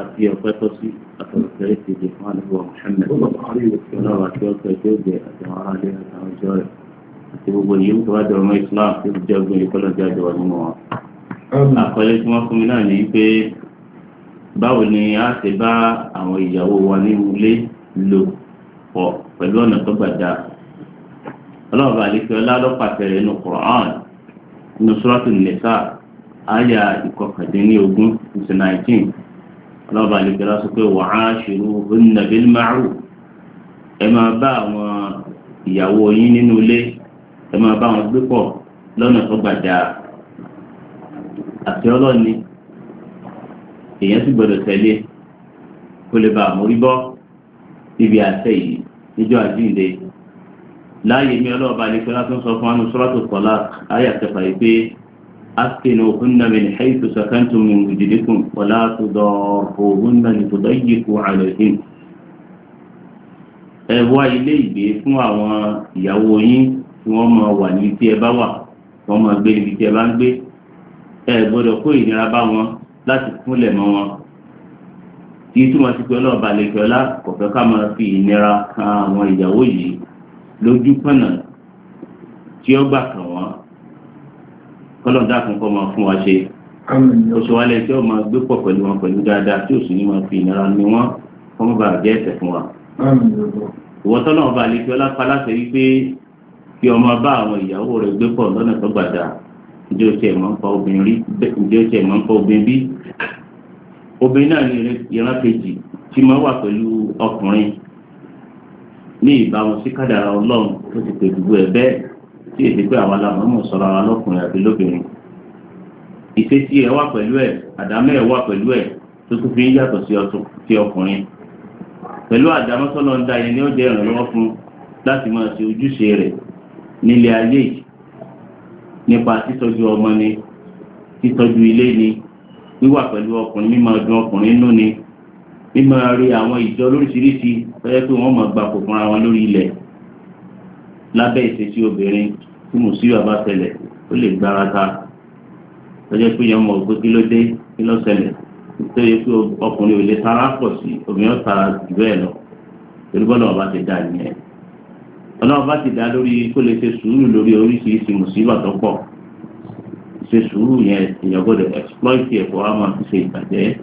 ọba tí ọpẹ́ tọ́ sí àtọ̀rọ̀kẹ́rẹ́ ti di fún àdúgbò Muhammad ọlọ́wà tí ó pẹ́ tí ó jẹ àtàwọn ará ilé àtàwọn ìjọ rẹ̀ àti gbogbo ìyẹn tó bá jọrọ mọ́ Islam tó ti jẹ́ ogun ìlú kọ́lọ́jà jọ wà nínú wọn. àkọlé tí wọ́n fún mi náà ní pé báwo ni a ṣe bá àwọn ìyàwó wa nínú ilé lò pọ̀ pẹ̀lú ọ̀nà tó gbàdá ọlọ́ọ̀bà àlefẹ́ ọlálọ́pàṣẹ rẹ̀ nù Qur'an nù Nisa àyà ìkọkàndínlógún ọlọ́ba àlejòlá sọ pé wa ashiruhunna bil ma'ruf ẹ máa bá àwọn ìyàwó yín nínú ilé ẹ máa bá wọn gbé pọ̀ lọ́nà tó gbàdá àti ọlọ́ni èèyàn sì gbọdọ̀ tẹ̀lé e kó lè bá àmórí bọ́ níbi àṣẹ yìí níjọ́ àjíǹde láàyè mi ọlọ́ọ̀ba àlejòlá sọ fún anú suratul talaq ayé àtẹ̀fà yìí pé. أسكنوهن من حيث سكنتم من وجدكم ولا تضاروهن لتضيقوا عليهن ẹ wá ilé ìgbé fún àwọn ìyàwó yín tí wọ́n máa wà ní tí ẹ bá wà wọ́n máa gbé níbi tí ẹ bá ń gbé ẹ gbọ́dọ̀ kó ìnira bá wọn láti kúnlẹ̀ mọ́ wọn kí túmọ̀ sí pé ọlọ́ọ̀bà lè kò fẹ́ ká máa fi ìnira kan àwọn ìyàwó yìí lójú pọ̀nà tí ó gbà kàn wọ́n kọ́lọ̀ dákun kọ́ máa fún wa ṣe oṣù wa lẹ́yìn tí ó máa gbé pọ̀ pẹ̀lú wọn pẹ̀lú dáadáa tí ó sì ní máa fi ìnira ní wọn kọ́ mọ́ bá jẹ́ ẹ̀sẹ̀ fún wa. ìwọ́tọ́ náà bá alẹ́ fi ọlá pa láṣẹ wípé kí ọmọ bá àwọn ìyàwó rẹ̀ gbé pọ̀ lọ́nà tó gbàdá ǹjẹ́ o tiẹ̀ máa ń pa obìnrin bí obìnrin náà ní ìran kejì tí máa wà pẹ̀lú ọkùnrin ní ìbámu sí kádàrá ọlọ́run tó ti pè gbogbo ẹ̀ bẹ́ẹ̀ tí èdè pé àwa làwọn mọ̀ sọ̀rọ̀ ara lọ́kùnrin àti lóbìnrin ìṣesí ẹ̀ wà pẹ̀lú ẹ̀ àdámẹ́ ẹ̀ wà pẹ̀lú ẹ̀ tó tún fi ń yàtọ̀ sí ọkùnrin pẹ̀lú àdámọ́ sọ́nà ń da yẹn ni ó jẹ́ ìrànlọ́wọ́ fún láti máa ṣe ojúṣe rẹ̀ nílé ayé yìí nípa títọ́jú ọmọ ni títọ́jú ilé ni wíwà pẹ̀lú ọkùnrin mímọ ọdún ọkùnrin nú ni mímọ rí àwọn ìjọ lóríṣiríṣi fẹ́ẹ́ pé wọ́n mọ̀ gbapò fúnra wọn lórí ilẹ̀ lábẹ́ ìṣesí obìnrin tí mùsíbà bá ṣẹlẹ̀ ó lè gbára ta lọ́jọ́ pé yẹn mọ̀ pé kí ló dé kí ló ṣẹlẹ̀ tó yẹ pé ọkùnrin ò lè tara pọ̀ sí obìnrin tara jù bẹ́ẹ̀ lọ torí bọ́lá ọba ti dá nìyẹn ọlọ́run bá ti dá lórí kó lè ṣe sùúrù lórí oríṣiríṣi mùsíbà tó pọ̀ ṣe sùúrù yẹn èèyàn gbọ́dọ̀ exploit ẹ̀kọ́ á máa fi ṣe ìbàjẹ́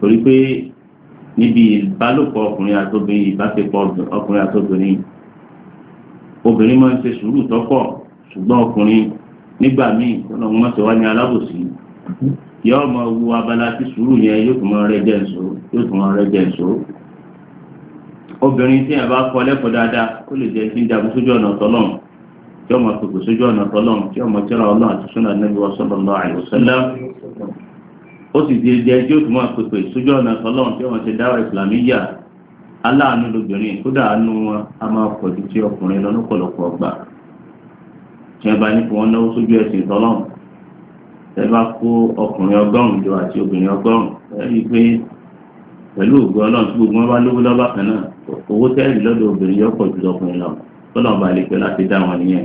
torí pé níbi ìbálòpọ̀ ọkùnrin àtobìnrin ìbáṣepọ̀ ọkùnrin àtobìnrin obìnrin máa ń ṣe sùúrù tọ́pọ̀ ṣùgbọ́n ọkùnrin nígbà míì kọ́nà wọn ti wá ní alábòsí yóò máa wu abala tí sùúrù yẹn yóò tún máa rẹ́jẹ̀ ǹso yóò tún máa rẹ́jẹ̀ ǹso. obìnrin tí ẹ bá kọ́ lẹ́kọ̀ọ́ dáadáa ó lè jẹ́ sí jagun sójú ọ̀nà tọ́lọ́m tí ọmọ pèpè sójú ọ̀nà tọ́lọ́m tí ọmọ tíra ọlọ́run àti súnà nẹ́bí wa sallallahu alaihi wasallam ó sì di ẹjẹ́ tí ó tún máa pèpè sójú ọ̀nà tọ́lọ́m tí ọmọ ti dáwà ìsìlámíyà aláàánú lóbìnrin kódà àánú wọn a máa pọ̀ ju ti ọkùnrin lọ lọ́pọ̀lọpọ̀ ọgbà tí wọn bá ní kí wọn náwó sójú ẹsìn tọ́lọ́run ẹ bá kó ọkùnrin ọgọ́rùn-ún jọ àti obìnrin ọgọ́rùn-ún ẹ rí i pé pẹ̀lú ògùn ọlọ́run tí gbogbo wọn bá lówó lọ́ba kan náà owó tẹ́ẹ̀lì lọ́dọ̀ obìnrin yóò pọ̀ ju ọkùnrin lọ tọ́lọ̀ bá lè pẹ́ láti dá wọn nìyẹn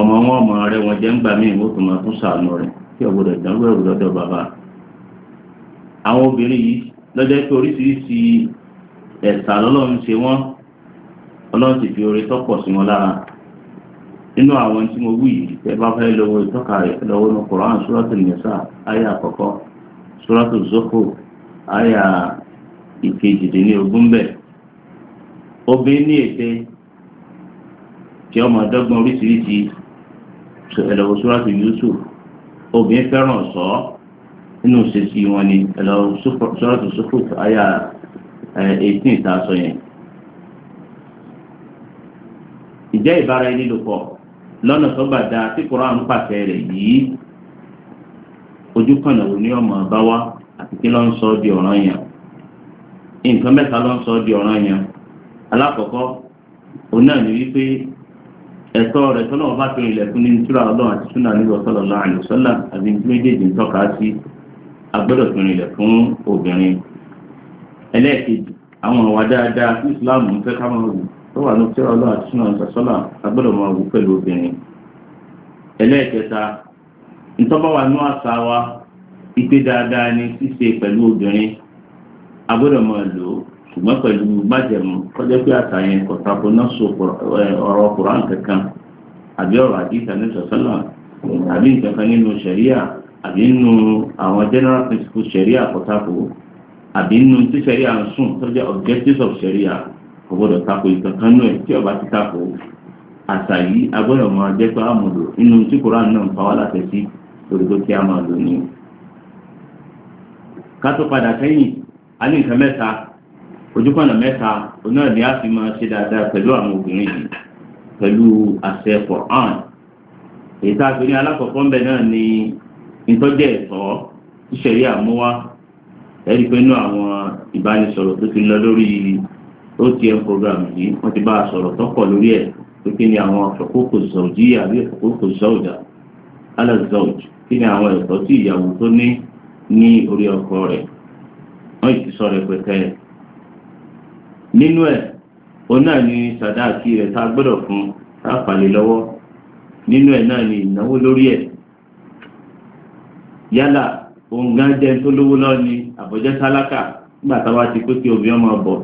ọmọ wọn ọmọ rẹ wọn jẹ́ ń gbà míì wọ́n tó máa tún sàánú rẹ̀ kí ọ̀gbọ́dọ̀ ìdánwò ẹ̀rù lọ́dọ̀ bàbá àwọn obìnrin yìí lọ́jọ́ pé oríṣiríṣi ẹ̀sà lọ́lọ́run ṣe wọ́n ọlọ́run ti fi tọ́pọ̀ sí wọn lára nínú àwọn tí mo wí yìí ẹ bá fẹ́ lọ́wọ́ ìtọ́ka rẹ̀ lọ́wọ́ ní Quran akọkọ nìyẹsà àyà àkọ́kọ́ sóràtò zoko àyà ìkejìdínlógún bẹ́ẹ̀ obìnrin ní ète tí ọmọ Yusuf obìnrin fẹ́ràn ọ̀ṣọ́ nínú ìṣesí eighteen ìtàsọ yẹn. ìjẹ́ ìbára ẹni lò pọ̀ lọ́nà tó bá dáa tí kúrò àwọn pàṣẹ rẹ̀ yìí ojú àti kí ló ń sọ di ọ̀ràn yẹn nǹkan mẹ́ta ló ń sọ di ọ̀ràn yẹn alákọ̀ọ́kọ́ òun náà ní wípé ẹ̀tọ́ rẹ̀ tọ́lọ́ bá ní ọlọ́run àti méjèèjì ń tọ́ka sí ẹlẹ́ẹ̀kejì àwọn ọ̀wà dáadáa islamu ń fẹ́ tó wà ní wa ìpè dáadáa ni ṣíṣe pẹ̀lú obìnrin agbọ́dọ̀ máa lò ó ṣùgbọ́n pẹ̀lú májẹ̀mú kọjá pé àṣà yẹn kò tako náà so ọ̀rọ̀ kùrán kankan àbí ọ̀rọ̀ àdìsá ní àbí nǹkan kan nínú àbí àbí nínú tí sẹ́ríà ń sùn tó jẹ́ objectives of sẹ́ríà kò gbọ́dọ̀ tako ìkankan nù ẹ̀ tí ọba ti tako àṣà yìí agbọ́dọ̀ máa jẹ́ pé a mọ̀ lò nínú tí koran náà ń fa wá láti sí lórí pé kí a máa lò ní. ká tó padà sẹ́yìn a ní nǹkan mẹ́ta ojúkọ̀nà mẹ́ta oná ni a fi máa ṣe dáadáa pẹ̀lú àwọn obìnrin yìí pẹ̀lú àṣẹ Quran èyí tá a fi ní alákọ̀ọ́kọ́ ń bẹ náà ni ìtọ́jẹ́ ẹ̀tọ́ ìṣẹ̀rí àmúwá ẹ̀rí inú àwọn ìbánisọ̀rọ̀ tó ti lọ lórí otm program yìí wọ́n ti bá a sọ̀rọ̀ tọ́pọ̀ lórí ẹ̀ pé kí ni àwọn àkókò zọ̀jì àbí alex zọ̀jà alazọ̀j kí ni àwọn ẹ̀tọ́ tí ìyàwó tó ní ní orí ọkọ rẹ̀ wọ́n ti ni rẹ̀ tá a gbọ́dọ̀ fún lọ́wọ́ ni ìnáwó lórí ẹ̀ yálà òun jẹ́ tó lówó ni. àbọ̀jẹ́ tálákà nígbà táwa ti pé kí obìnrin máa bọ̀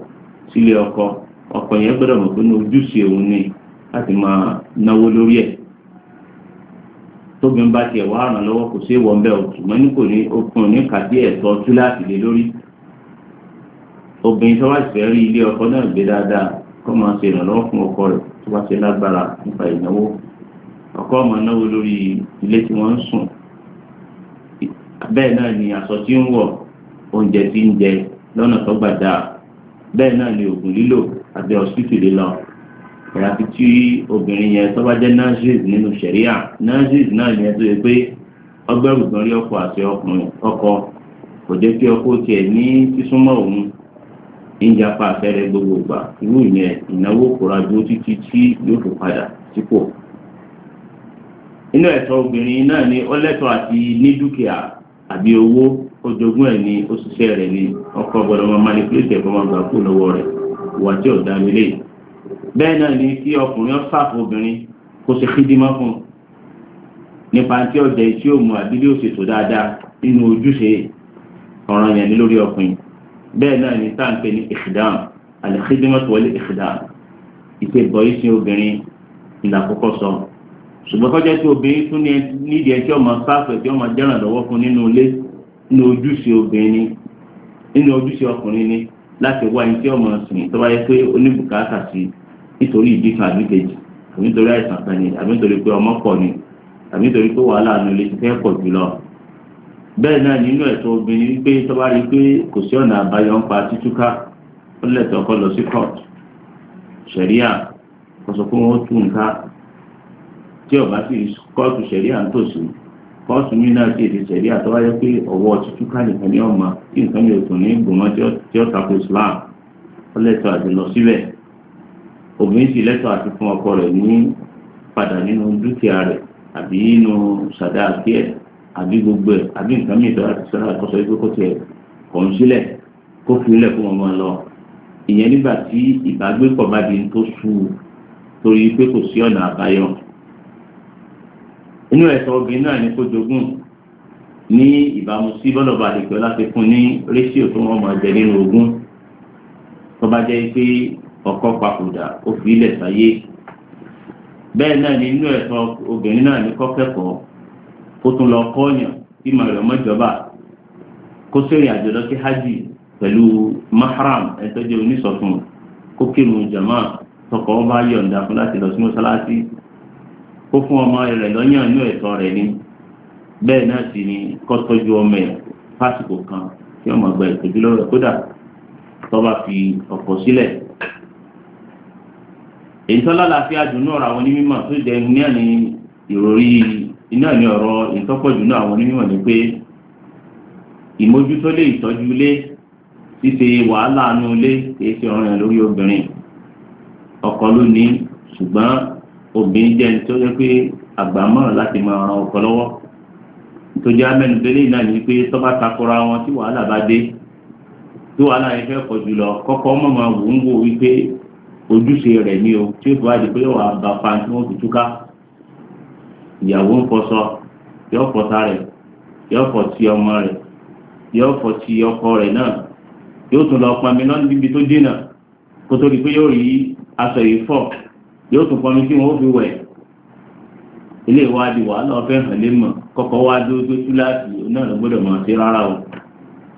sílé ọkọ ọkọ yẹn gbọ́dọ̀ mọ̀ pé ní ojúṣe òun ni láti máa náwó lórí ẹ̀ tóbin bá tiẹ̀ wá ràn lọ́wọ́ kò sí ìwọ̀n bẹ́ẹ̀ o ṣùgbọ́n ní kò ní okun ní kàdí ẹ̀tọ́ túláàsì lé lórí obìnrin tó ìfẹ́ rí ilé ọkọ náà gbé dáadáa kó máa ṣe ìrànlọ́wọ́ fún ọkọ rẹ̀ tó bá ṣe lágbára nípa ìnáwó ọkọ máa náwó lórí ilé tí wọ́n ń sùn bẹ́ẹ̀ náà ni aṣọ tí ń wọ̀ oúnjẹ tí ń jẹ lọ́nà tó gbàdá bẹ́ẹ̀ náà ni oògùn lílò àti ọ̀sìpìtì lọ àyàfi tí obìnrin yẹn tó bá jẹ́ nurses nínú sẹ̀ríà nurses náà yẹn tó yẹ pé ọgbẹ́rù gan rí ọkọ àti ọkùnrin ọkọ kò jẹ́ kí ọkọ tiẹ̀ ní sísúnmọ́ òun ìjà pa àfẹ́rẹ́ gbogbo ìgbà irú ìyẹn ìnáwó kóra dúró títí tí yóò fi padà sípò. inú ẹ̀tọ́ obìnrin náà ni ọlẹ́tọ̀ àti ní dúkìá àbí owó ojogún ẹ̀ ní òṣìṣẹ́ rẹ̀ ní ọkọ̀ gbọ́dọ̀ máa manipulate ẹ̀kọ́ máa gbà kú lọ́wọ́ rẹ̀ ìwà tí ò dá mi lé bẹ́ẹ̀ náà ni kí ọkùnrin ọ̀sáàfù obìnrin kó ṣe kídímọ́ fún un nípa tí ọ̀jẹ̀ tí ó mu àbílẹ̀ òṣètò dáadáa nínú ojúṣe ọ̀ràn yẹn ní lórí ọkùnrin bẹ́ẹ̀ náà ni táǹpẹ̀ ní ìṣìdáhùn àlẹ́kídímọ́ tó wọlé ìṣìdáhùn ìṣe bọ̀yìsìn obìnrin ìlà àkọ́kọ́ sọ ṣùgbọ́n kọ́jọ́ tí obìnrin tún ní ìdí ẹjọ́ ọmọ sáfẹ̀ tí ọmọ jẹ́ràn fún nínú ilé ní ojúṣe obìnrin nínú ojúṣe ọkùnrin ní láti wá ẹni tí ọmọ sìn tó bá yẹ pé ó ní bùkátà sí nítorí ìdí kan àbí kejì àbí nítorí ni àbí nítorí pé ọmọ pọ̀ ni àbí nítorí pé wàhálà ti fẹ́ pọ̀ bẹ́ẹ̀ náà nínú ẹ̀tọ́ obìnrin wípé tó bá rí pé kò sí ọ̀nà àbáyọ ń pa títúká ó lẹ̀tọ́ kọ́ lọ sí court ṣẹ̀ríà kò sọ pé wọ́n tí ọ̀bá kóòtù ní náà ṣe ìṣẹ̀rí àtọ́wáyé pé ọwọ́ tuntun kálífà ní ọmọ tí nǹkan yóò tún ní gbòmọ́ tí ó tako Islam ó lẹ́tọ̀ àti lọ síbẹ̀ obìnrin sì lẹ́tọ̀ àti fún ọkọ rẹ̀ ní padà nínú dúkìá rẹ̀ àbí nínú sàdá àti gbogbo ẹ̀ àbí nǹkan mìíràn àti àkọsọ kó tiẹ̀ ń sílẹ̀ kó fi ilẹ̀ fún ọmọ lọ ìyẹn nígbà tí bá di inú ẹ̀tọ́ obìnrin náà ní kó jogún ní ìbámu sí bọ́lọ̀bà àdìgbò láti fún ní réṣíò tó wọ́n máa jẹ nínú ogún tó bá jẹ́ pé ọkọ papòdà ó fi ilẹ̀ sáyé bẹ́ẹ̀ náà ní inú ẹ̀tọ́ obìnrin náà ní kọ́ kẹ́kọ̀ọ́ kó tún lọ kọ́ọ̀yàn tí màá rẹ̀ mọ́jọba kó sẹ́yìn àjọ sí hajj pẹ̀lú mahram jama kó fún ọmọ rẹ̀ lọ́yàn inú ẹ̀tọ́ rẹ̀ ni bẹ́ẹ̀ náà sì ni kó tọ́jú ọmọ ẹ̀ fásitì kan tí ọmọ gba ìtọ́jú lọ́rọ̀ kódà tó bá fi ọ̀pọ̀ sílẹ̀ èyí tó lálàáfíà jù náà àwọn onímọ̀ tó jẹ́ iná ní ìròrí iná ní ọ̀rọ̀ ìtọ́pọ̀ náà àwọn onímọ̀ ni pé ìmójútó lè ìtọ́jú ilé ṣíṣe wàhálà inú ilé kìí ṣe ọ̀ràn lórí obìnrin ọkọ ló ní ṣùgbọ́n obìnrin jẹ́ ní tó yẹ pé àgbàmọ̀ràn láti máa ran ọkọ lọ́wọ́ nítorí amẹ́nu bẹ́lẹ́ náà ní pé tọ́ba takora wọn tí wàhálà bá dé tí wàhálà yẹn fẹ́ pọ̀ jùlọ kọ́kọ́ ọmọ máa wò ń wò wípé ojúṣe rẹ̀ ni o tí ó fi wá di pé wàá bá fa tí wọ́n fi túká ìyàwó ń fọṣọ yóò fọta rẹ̀ yóò fọ ti ọmọ rẹ̀ yóò fọ ti ọkọ rẹ̀ náà yóò tún lọ pọnmi lọ́nà níbi tó dènà kótó yóò tún kọmi tí wọn ó fi wẹ̀ ilé ìwádìí wàhálà ọ̀fẹ́ hàn lé mọ̀ kọ́kọ́ wá dúró gbé túláàsì náà ló gbọ́dọ̀ mọ̀ sí rárá o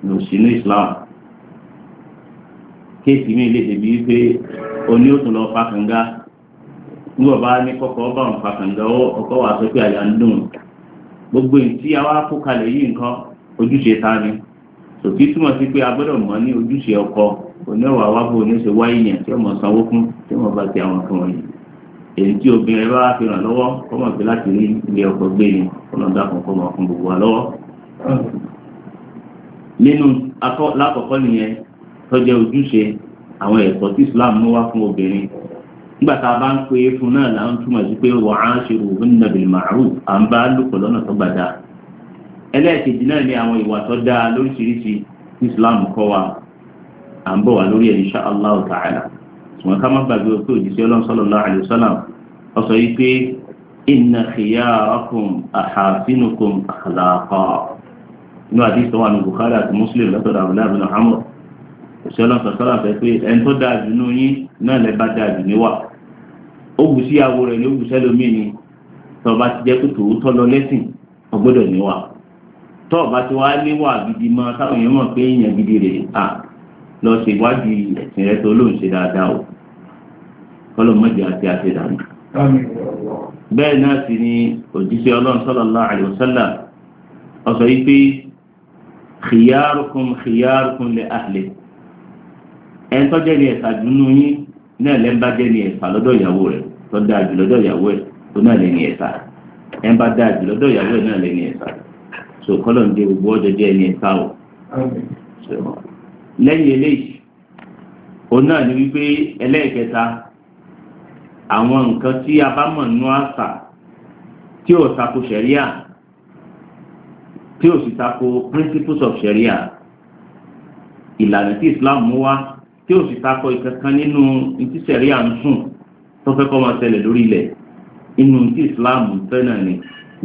ní òsínú Islam kéèsì mi lè débi wípé oní òtún lọ fa kànga nígbà bá ní kọ́kọ́ bá wọn fa kànga ọkọ wà sọ pé àyà ń dùn gbogbo ìtí àwa kó kalẹ̀ yìí nǹkan ojúṣe ta ni sòkí túmọ̀ sí pé a gbọ́dọ̀ mọ̀ ní ojúṣe ọkọ oníwàwá bò ní ṣe wáyé yẹn tí ọmọ sanwó fún tí ọmọ bá ti àwọn kan wọ̀nyí. èyí tí obìnrin bá fi ràn lọ́wọ́ kọ́mọ̀ pé láti rí ilé ọkọ̀ gbé ni ọlọ́dà kan kọ́mọ fún gbogbo wa lọ́wọ́. nínú lákọ̀ọ́kọ́ àwọn ẹ̀kọ́ Islam mú fún obìnrin nígbà tá a bá ń pè fún náà là ń túmọ̀ sí pé à ń bá lùpọ̀ lọ́nà tó gbàdá ẹlẹ́ẹ̀kejì náà ni Islam kọ́ wa à ń bọ̀ wá ta'ala. ṣùgbọ́n ká má gbàgbé pé òjíṣẹ́ ọlọ́run sallallahu alaihi wasallam ó sọ yìí pé inna khiyarakum ahasinukum akhlaqa inú àti ìsọ̀wọ́n àmì Bukhari àti Muslim lọ́tọ̀dọ̀ àbúlé àbúlé Muhammad òṣìṣẹ́ ọlọ́run sọ̀rọ̀ àfẹ́ pé ẹni tó dáa jù nú yín náà lẹ́ bá dáa jù níwà ó bù sí àwo rẹ̀ ní ó bù sẹ́lómìn ni tọ́ba ti jẹ́ pé tòótọ́ lọ lẹ́sìn ọgbọ́dọ̀ níwà tọ́ọ̀bá ti wá níwà gidi mọ́ táwọn èèyàn mọ̀ pé èèyàn gidi rèé lọ ṣe ìwádìí ẹ̀sìn rẹ tó lóun ṣe dáadáa o kọ́lọ̀ mọ́jọ àti àti dànù. bẹ́ẹ̀ náà sì ni òjíṣẹ́ ọlọ́run sallallahu alaihi wasallam ọ̀sọ̀ yìí pé khiyarukum khiyarukum li ahli ẹ̀ ń tọ́jẹ́ ni ẹ̀sà dùnú yín náà lẹ́ ń bá jẹ́ ni ẹ̀sà lọ́dọ̀ ìyàwó rẹ̀ tó dáa jù lọ́dọ̀ ìyàwó ẹ̀ tó náà lẹ́ ni ẹ̀sà ẹ̀ ń bá dáa jù lọ́dọ̀ ìyàwó ẹ̀ náà lẹ́ ni ẹ̀sà so kọ́lọ̀ ń dé gbogbo ọjọ́ jẹ́ ni ẹ̀sà lẹ́yìn eléyìí òun náà ni wípé ẹlẹ́ẹ̀kẹta àwọn nǹkan tí a bá mọ̀ nínú àṣà tí ò tako sẹ̀ríà tí ò sì tako principles of sẹ̀ríà ìlànà tí Islam mú wá tí ò sì tako ìkankan nínú ti sẹ̀ríà ń sùn tó fẹ́ kọ́ máa ṣẹlẹ̀ lórí ilẹ̀ inú ti Islam fẹ́ náà ni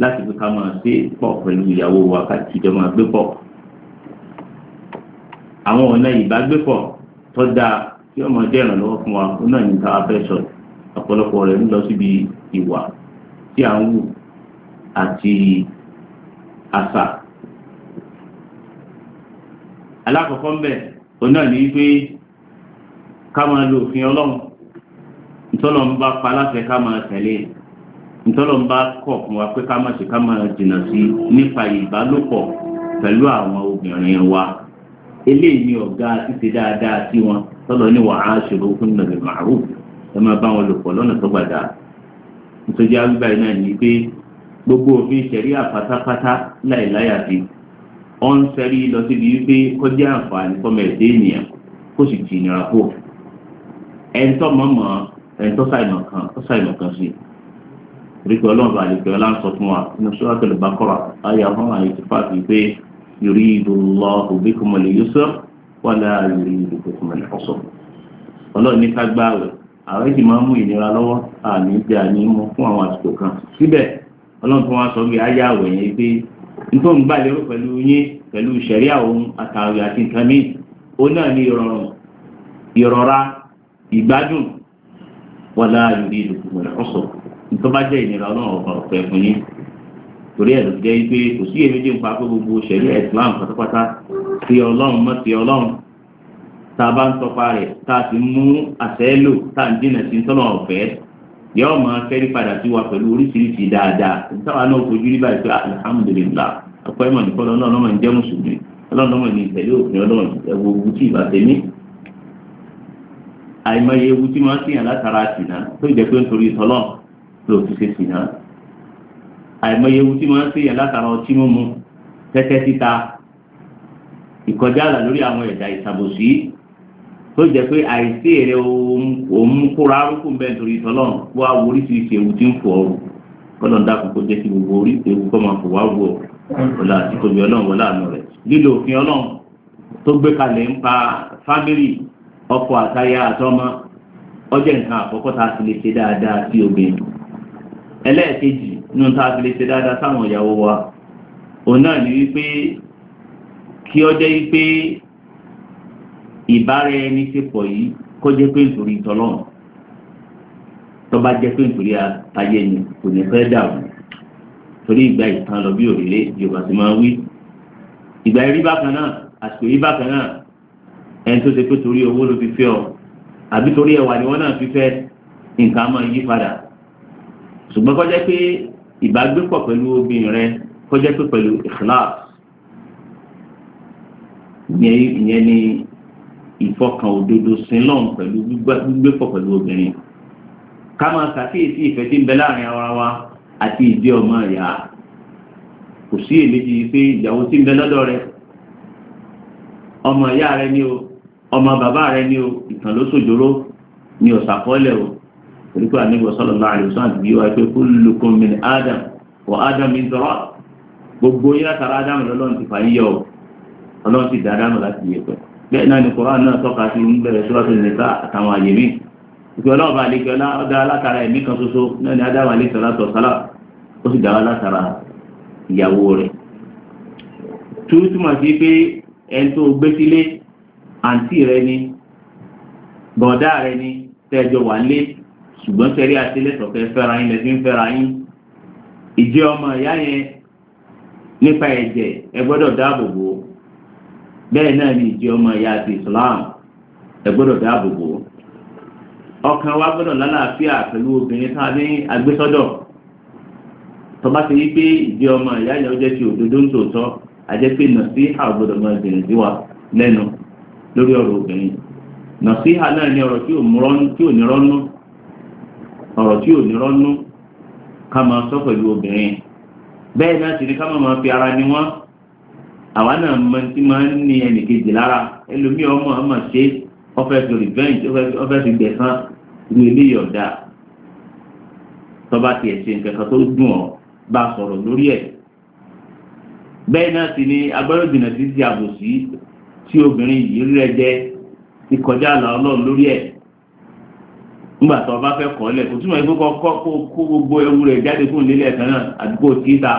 láti fi ká máa ṣe pọ̀ pẹ̀lú ìyàwó wa ká kí jọ àwọn ọ̀nà ìbágbépọ̀ tó dáa tí ọmọ jẹ́ ìrànlọ́wọ́ fún wa ó náà ní ká fẹ́ sọ ọ̀pọ̀lọpọ̀ rẹ̀ ń lọ síbi ìwà tí à ń wù àti àṣà. alákọ̀ọ́kọ́ ń bẹ̀ ó náà ní pé ká máa lo òfin ọlọ́run ntọ́lọ̀ ń bá pa láṣẹ ká máa tẹ̀lé ntọ́lọ̀ ń bá kọ̀ fún wa pé ká máa ṣe ká máa jìnnà sí nípa ìbálòpọ̀ pẹ̀lú àwọn obìnrin wa eléyìí ni ọ̀gá títí dáadáa sí wọn tọ́lọ ní wàá ṣòro fún nàbẹ̀ màrú ẹ máa bá wọn lò pọ̀ lọ́nà tó gbàdá nítorí àwíbá iná ní pé gbogbo òfin ṣẹ̀ríà pátápátá láìláyà sí ọ ń sẹ́rí lọ síbi wípé kọjá àǹfààní fọmọ ẹ̀dẹ́ ènìyàn kó sì tì nira kó ẹ̀ńtọ́ mọ̀mọ́ ẹ̀ńtọ́ sàìmọ̀ kan tó sàìmọ̀ kan sí rí pé ọlọ́run bá lè pẹ́ ọlá ń sọ fún wa ní sọ́wọ́tò bá kọ́ra ayé àwọn àyè ti fà يريد الله بكم al ولا يريد بكم bikum al-usra ọlọ́run ní ká gbààwẹ̀ àwọn èsì máa ń mú ìnira lọ́wọ́ àmì ìjà ní mú fún àwọn àsìkò kan síbẹ̀ ọlọ́run tó wá sọ bí ayé àwẹ̀ yẹn pé nítorí ń gbàlérò pẹ̀lú yín pẹ̀lú sẹ̀ríà òun àtàwẹ̀ àti nǹkan míì ó náà ní ìrọ̀rùn ìrọ̀ra ìgbádùn wala yuridu bikum al-usra bá jẹ́ ìnira ọlọ́run ọ̀pọ̀ ọ̀pẹ̀ fún yín torí ẹ̀ ló jẹ́ pé kò sí èmi jẹ́ nípa pé gbogbo ṣẹ̀rí Islam pátápátá ti ọlọ́run mọ́ ti ọlọ́run tá a bá ń tọpa rẹ̀ tá a ti mú àtẹ́lò tá a ń dínà sí tọ́lọ̀ ọ̀fẹ́ yọ ọmọ fẹ́rí padà sí wa pẹ̀lú oríṣiríṣi dáadáa táwa náà fojú rí báyìí pé alhamdulillah ọ̀pọ̀ ẹ̀mọ̀ nìkan lọ́nà ọlọ́mọ ń jẹ́ mùsùlùmí ọlọ́run ọmọ ní ìtẹ̀lé òfin ọlọ́run ẹ̀wọ̀ ogun tí ìbá tẹ̀mí àìmọye ewu tí wọ́n ń sìn yàn látara sìnà tó jẹ́ pé nítorí tọ́lọ́ ló àìmọye ewu tí wọ́n ń ṣèyàn látara ọtí mímu tẹ́tẹ́ títa ìkọjá lórí àwọn ẹ̀dá ìṣàbòsí tó jẹ́ pé àìsí èrè òun kóra arúgbó ń wá tí ń fò dákun kó jẹ́ kí gbogbo orí ewu kọ́ máa fò wá ọ̀la àti ti nínú tá a fi lè ṣe dáadáa sáwọn ìyàwó wa òun náà ní wípé kí ọ jẹ́ wípé ìbára ẹni ṣe pọ̀ yìí kó jẹ́ pé nítorí tọ́lọ́run tó bá jẹ́ pé nítorí ayé ni kò ní fẹ́ dàrú torí ìgbà ìtàn lọ bí òrìlé yorùbá ti máa wí ìgbà ìrí bákan náà àsìkò yìí bákan náà ẹni tó ṣe pé torí owó ló fi fẹ́ ọ àbí torí ẹwà ni wọ́n náà fi fẹ́ nǹkan máa yí padà ṣùgbọ́n kó pé ìbágbépọ̀ pẹ̀lú obìnrin rẹ kọjá pé pẹ̀lú ikhlas ìyẹn ni ìfọkàn òdodo sílọ̀n pẹ̀lú gbígbépọ̀ pẹ̀lú obìnrin ká máa ṣàkíyèsí ìfẹ́ tí ń bẹ láàrin ara wa àti ìdí ọmọ ìyá kò sí èméjì pé ìyàwó tí ń bẹ lọ́dọ̀ rẹ ọmọ ìyá rẹ ni o ọmọ bàbá rẹ ni o ìtàn ló sòjòrò ni ọ̀sàkọ́lẹ̀ o onígbà nígbà sallallahu alaihi wasallam bí wà pé kullukum min adam wa adam min turab gbogbo yín látara adam lọ́lọ́run ti fà yíyọ ọlọ́run ti dá adam láti yẹ pẹ́ bẹ́ẹ̀ náà ni koran náà tọ́ka sí ń bẹ̀rẹ̀ suratul nisa àtàwọn àyè míì ìpínlẹ̀ ọba àlejòọlá ọ̀dà látara ẹ̀mí kan ṣoṣo náà ni adam àlejòọlá tọ̀ sálà ó sì dáwà látara ìyàwó rẹ̀ torí túmọ̀ ṣùgbọ́n seri àtìlẹ́sọ̀kẹ́ fẹ́ra yín lẹ́sìn fẹ́ra yín ìjẹ́ ọmọ ìyá yẹn nípa ẹ̀jẹ̀ ẹ gbọ́dọ̀ ni ìjẹ́ ọmọ ìyá Islam ẹ gbọ́dọ̀ dáàbò bò ọkàn wa gbọ́dọ̀ lálàáfíà pẹ̀lú obìnrin tá a ní agbésọ́dọ̀ tọ́ba ti yí pé ìjẹ́ ọmọ ìyá yẹn ó jẹ́ ti òdodo ń tòótọ́ àjẹpé nàṣíhà ọgbọ́dọ̀ mọ obìnrin sí wa ọ̀rọ̀ tí ò ní rọ́nú ká máa sọ pẹ̀lú obìnrin bẹ́ẹ̀ náà sì ni ká máa fi ara ni wọ́n àwa náà mọ tí máa ń ní ẹnìkejì lára ẹlòmíì ọmọ ọmọ ṣe ọfẹ́ fi revenge ọfẹ́ fi ru eléyìí ọ̀dà tọ́ba ṣe nǹkan tó dùn ọ́ bá sọ̀rọ̀ kọjá àlà ọlọ́run lórí nígbà tó o bá fẹ́ kọ́ lẹ̀ kò túmọ̀ ìgbó kọ́ kó gbogbo ẹrú rẹ̀ jáde fún ìlélẹ̀ kan náà àdúgbò títa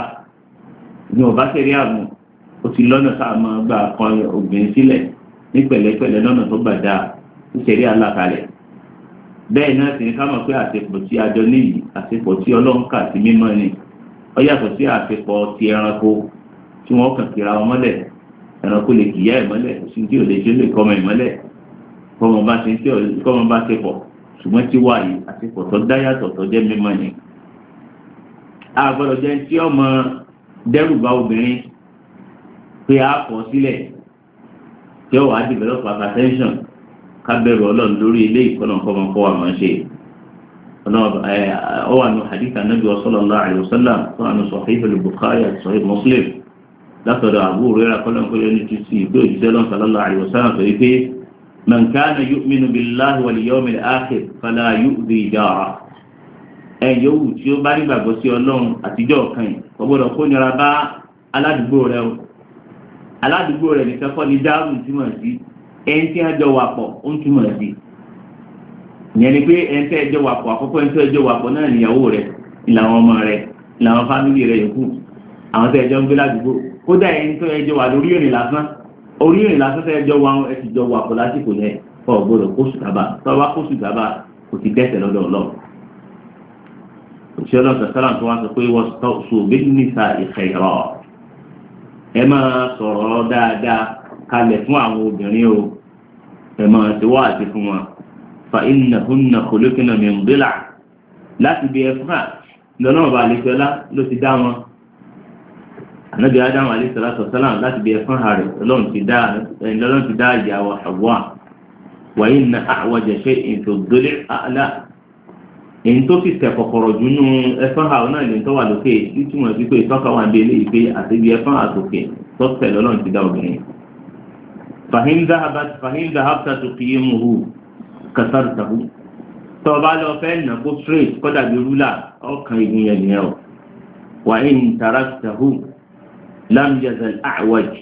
ni ò bá ṣeré àrùn o ti lọ́nà tá a máa gbà kọ́ obìnrin sílẹ̀ ní pẹ̀lẹ́pẹ̀lẹ́ lọ́nà tó gbà dáa ń ṣeré alákalẹ̀ bẹ́ẹ̀ náà sì ni ká mọ̀ pé àṣepọ̀ tí a jọ níyì àṣepọ̀ tí ọlọ́run kà sí mímọ́ ni ó yàtọ̀ sí àṣepọ̀ ti ẹranko tí wọ́n kàn kíra wọn mọ́lẹ̀ ẹranko lè kìyà ẹ̀ mọ́lẹ̀ òsì tí ò lè ṣe lè kọ́mọ ẹ̀ mọ́lẹ̀ kọ́mọ bá ṣe pọ̀ ṣùgbọ́n tí wà yìí àti pọ̀tọ́ dáyàtọ̀ tó jẹ́ mímọ́ ni. àgbọ̀dọ̀ jẹ́ tí ọmọ dẹ́rùbà obìnrin pé a kọ̀ sílẹ̀ tí ó wàá develop hypertension kábẹ́rù ọlọ́run lórí ilé ìkọ́nà kọ́mọkọ́ wa máa ń ṣe. ọ wà ní hadith anabi sallallahu alaihi wasallam tó wà ní sahih al-bukhari àti sahih muslim látọ̀dọ̀ àbúrò rẹ̀ kọ́lọ́nkọ́lọ́ ní ti sí ìgbé òjíṣẹ́ lọ́n sallallahu alaihi wasallam sọ wípé من كان يؤمن بالله واليوم الآخر فلا يؤذي yu'dhi jara ẹ yòówù tí ó bá rí gbàgbọ́ sí ọlọ́run àtijọ́ kan yìí kò gbọ́dọ̀ kó nira bá aládùúgbò rẹ o aládùúgbò rẹ nìkan kọ́ ni dáhùn túmọ̀ sí ẹni tí wọ́n jọ wà pọ̀ ó ń túmọ̀ sí ìyẹn ni pé ẹni tí wọ́n jọ wà pọ̀ àkọ́kọ́ ẹni tí wọ́n jọ wà pọ̀ náà níyàwó rẹ ìlànà ọmọ rẹ ìlànà fámìlì rẹ yòókù àwọn tí wọ́n jọ ń gbé ládùúgbò kódà ẹni tí wọ́n jọ wà lórí òní lásán orí ìrìn lásánfẹ́ ẹjọ́ wa ẹ ti jọ wà pọ̀ lásìkò yẹn fọ́ gbọ́dọ̀ kóṣù kábà tọ́wá kóṣù kábà kò ti dẹ́ṣẹ̀ lọ́dọ̀ ọlọ́run òṣìṣẹ́ lọ́sọ̀ sálà tó wá sọ pé wọ́n sọ bí níta ìfẹ̀yọ̀rọ̀ ẹ máa sọ̀rọ̀ dáadáa kalẹ̀ fún àwọn obìnrin o ẹ máa ti wá àti fún wọn fa innahunna khuliqna min dila láti bí ẹ fún à lọ́nà ọba àlejò ọlá ló ti dá wọn anabi adam alayhi salatu wa salam láti bí ẹfọn ha rẹ Ọlọ́run ti dá Ọlọ́run ti dá ìyàwó Hawa wàyí na àwọjẹ ṣe ètò dólé àlá èyí tó fi tẹ kọ́kọ́rọ́ jù nù ẹfọn ha náà lè tọ́ wà lókè nítumọ̀ sí pé tọ́ka wà bí eléyìí pé àtẹ̀bí ẹfọn àtòkè tó tẹ̀lé Ọlọ́run ti dá obìnrin. fahim zahabat fahim zahabta tó fi yé mu hù kasar tahu tọ́ba lọ fẹ́ nà kó straight kọ́dà bí rúlà ọkàn ìgbìyànjú yẹn o wàyí ní taraktahu lámjẹsẹ̀ àwọ̀jì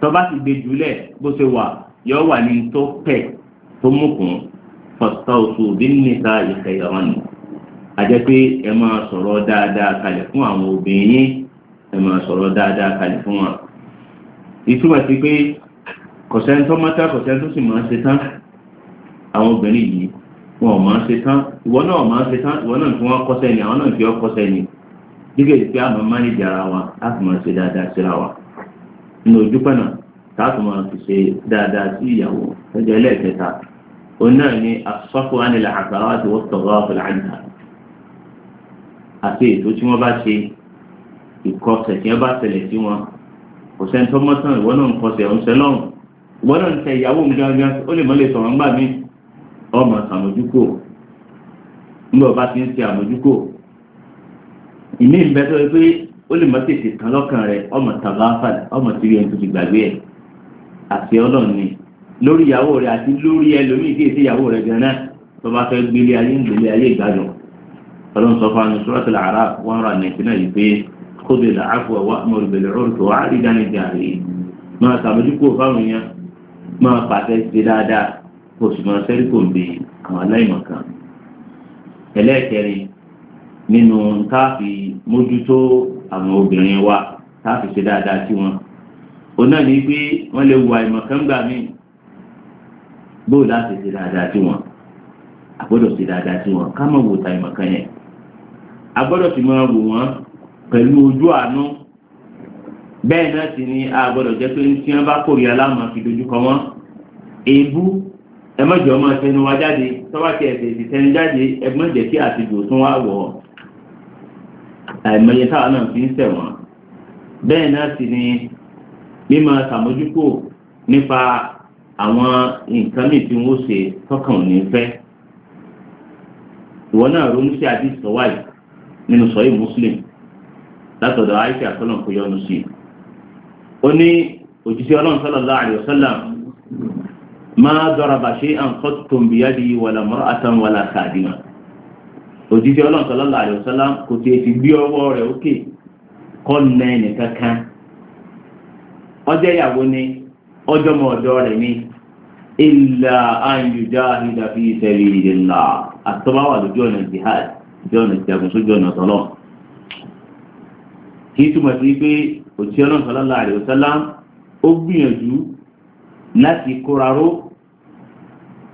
tó bá ti gbé jùlẹ̀ bó ṣe wà yọ wà ní tó pẹ̀ tó mọ̀kún fọ̀tọ̀ oṣù bí nìta ìfẹ́ ìrọ̀rùn àjẹ́ pé ẹ máa sọ̀rọ̀ dáadáa kalẹ̀ fún àwọn obìnrin yín ẹ máa sọ̀rọ̀ dáadáa kalẹ̀ fún wọn. ìtumọ̀ sí pé kọ̀sẹ́ńtọ́ mọ́tà kọ̀sẹ́ńtọ́ sì máa ṣe tán àwọn obìnrin yìí wọn ò máa ṣe tán ìwọ náà máa ṣe tán ìwọ náà fi wọn kọ́sẹ́ ni àwọn náà fi ọ kọ́sẹ́ ni dígbà ìpè àmọ́ mánéjì ara wa láti máa ṣe dáadáa síra wa nínú ojú pẹ̀nà láti máa fi ṣe dáadáa sí ìyàwó ẹjọ́ ẹlẹ́ẹ̀kẹta òun náà ni asọ́fọ́ ánilẹ̀ àgbàrá àti wọ́tọ̀rọ̀ ọ̀fẹ́lẹ̀ àjà àti ètò tí wọ́n bá ṣe ìkọsẹ̀ tí wọ́n bá ṣẹlẹ̀ sí wọn kò sẹ́ni tó mọ́tàn ìwọ náà ń kọsẹ̀ ọ̀hún sẹ́lọ́hùn ìwọ náà ń tẹ ìyàwó gángan ó lè mọ́ sọ̀rọ̀ ńgbà mí ọmọ sàmójúkò ńgbà bá ti ń ṣe àmójúkò ìmí ìbẹ́tọ̀ pé ó lè mọ́ tètè kan lọ́kàn rẹ̀ ọmọ tàbáfà ọmọ tí rí ẹni tó ti gbàgbé ẹ̀ àti ọlọ́run ni lórí ìyàwó rẹ̀ àti lórí ẹlòmíì kí èsì ìyàwó rẹ̀ gan-an tó bá fẹ́ gbélé ayé ń gbélé ayé ìgbádùn ọlọ́run sọ fún sọ́rọ́tì làárá wọn ra nẹ̀tì náà yìí pé kó bèè làáfù ọwọ́ àmọ̀rù bèèrè ọ̀rùn tó wà á rí dání gàrí máa sàmójúkú fáwọn èèyàn máa pàṣẹ ṣe dáadáa kò sì máa sẹ́ríkò ń bè àwọn aláìmọ̀kan ẹlẹ́ẹ̀kẹrin nínú káàfi mójútó àwọn obìnrin wa káàfi ṣe dáadáa sí wọn òun náà ní pé wọ́n lè wà ìmọ̀kángbà míì bóò láti ṣe dáadáa sí wọn àgbọ́dọ̀ ṣe dáadáa sí wọn ká má wò ta ìmọ̀kan yẹn àgbọ́dọ̀ sì máa wò wọ́n pẹ̀lú ojú àánú bẹ́ẹ̀ náà sì ni àgbọ́dọ̀ jẹ́ pé tí wọ́n bá kórìíra láwọn fi dojú kọ wọ́n èébú ẹmọ́jọ́ máa tẹnu wa jáde tọ́wá ti ẹ̀sẹ̀ ìsìtẹnu jáde ẹgbọ́n jẹ́ kí àtijọ́ tún wá wọ̀ ọ́ àìmọye táwa náà fi ń ṣẹ̀wọ̀n bẹ́ẹ̀ náà sì ni mímọ sàmójúkò nípa àwọn nǹkan mìíràn tí wọ́n ṣe tọkàn ní fẹ́ ìwọ náà ronú sí àdìs sọ́wáì nínú sọ́yìn muslim látọ̀dọ̀ àìsí àtọ́nà kò yọnu sí i ó ní òjíṣẹ́ ọlọ́run sallallahu alaihi wasallam ma daraba shay'an qattu biyadihi wala mar'atan wala òjíṣẹ́ ọlọ́run sọlọ́lá àyọ̀sọ́lá kò tiẹ̀ ti gbé ọwọ́ rẹ̀ òkè kọ́ nà ẹnìkan kan ọjọ́ ìyàwó ni ọjọ́ mọ ọ̀dọ́ rẹ̀ ni ilà ayùjá ìdàfi ìtẹ̀lẹ̀ ìdèlà àtọ́báwà lójú ọ̀nà jihad lójú ọ̀nà ìjagun sójú ọ̀nà tọ́lọ̀ kì í túmọ̀ sí pé òjíṣẹ́ ọlọ́run sọlọ́lá ó gbìyànjú láti kóraró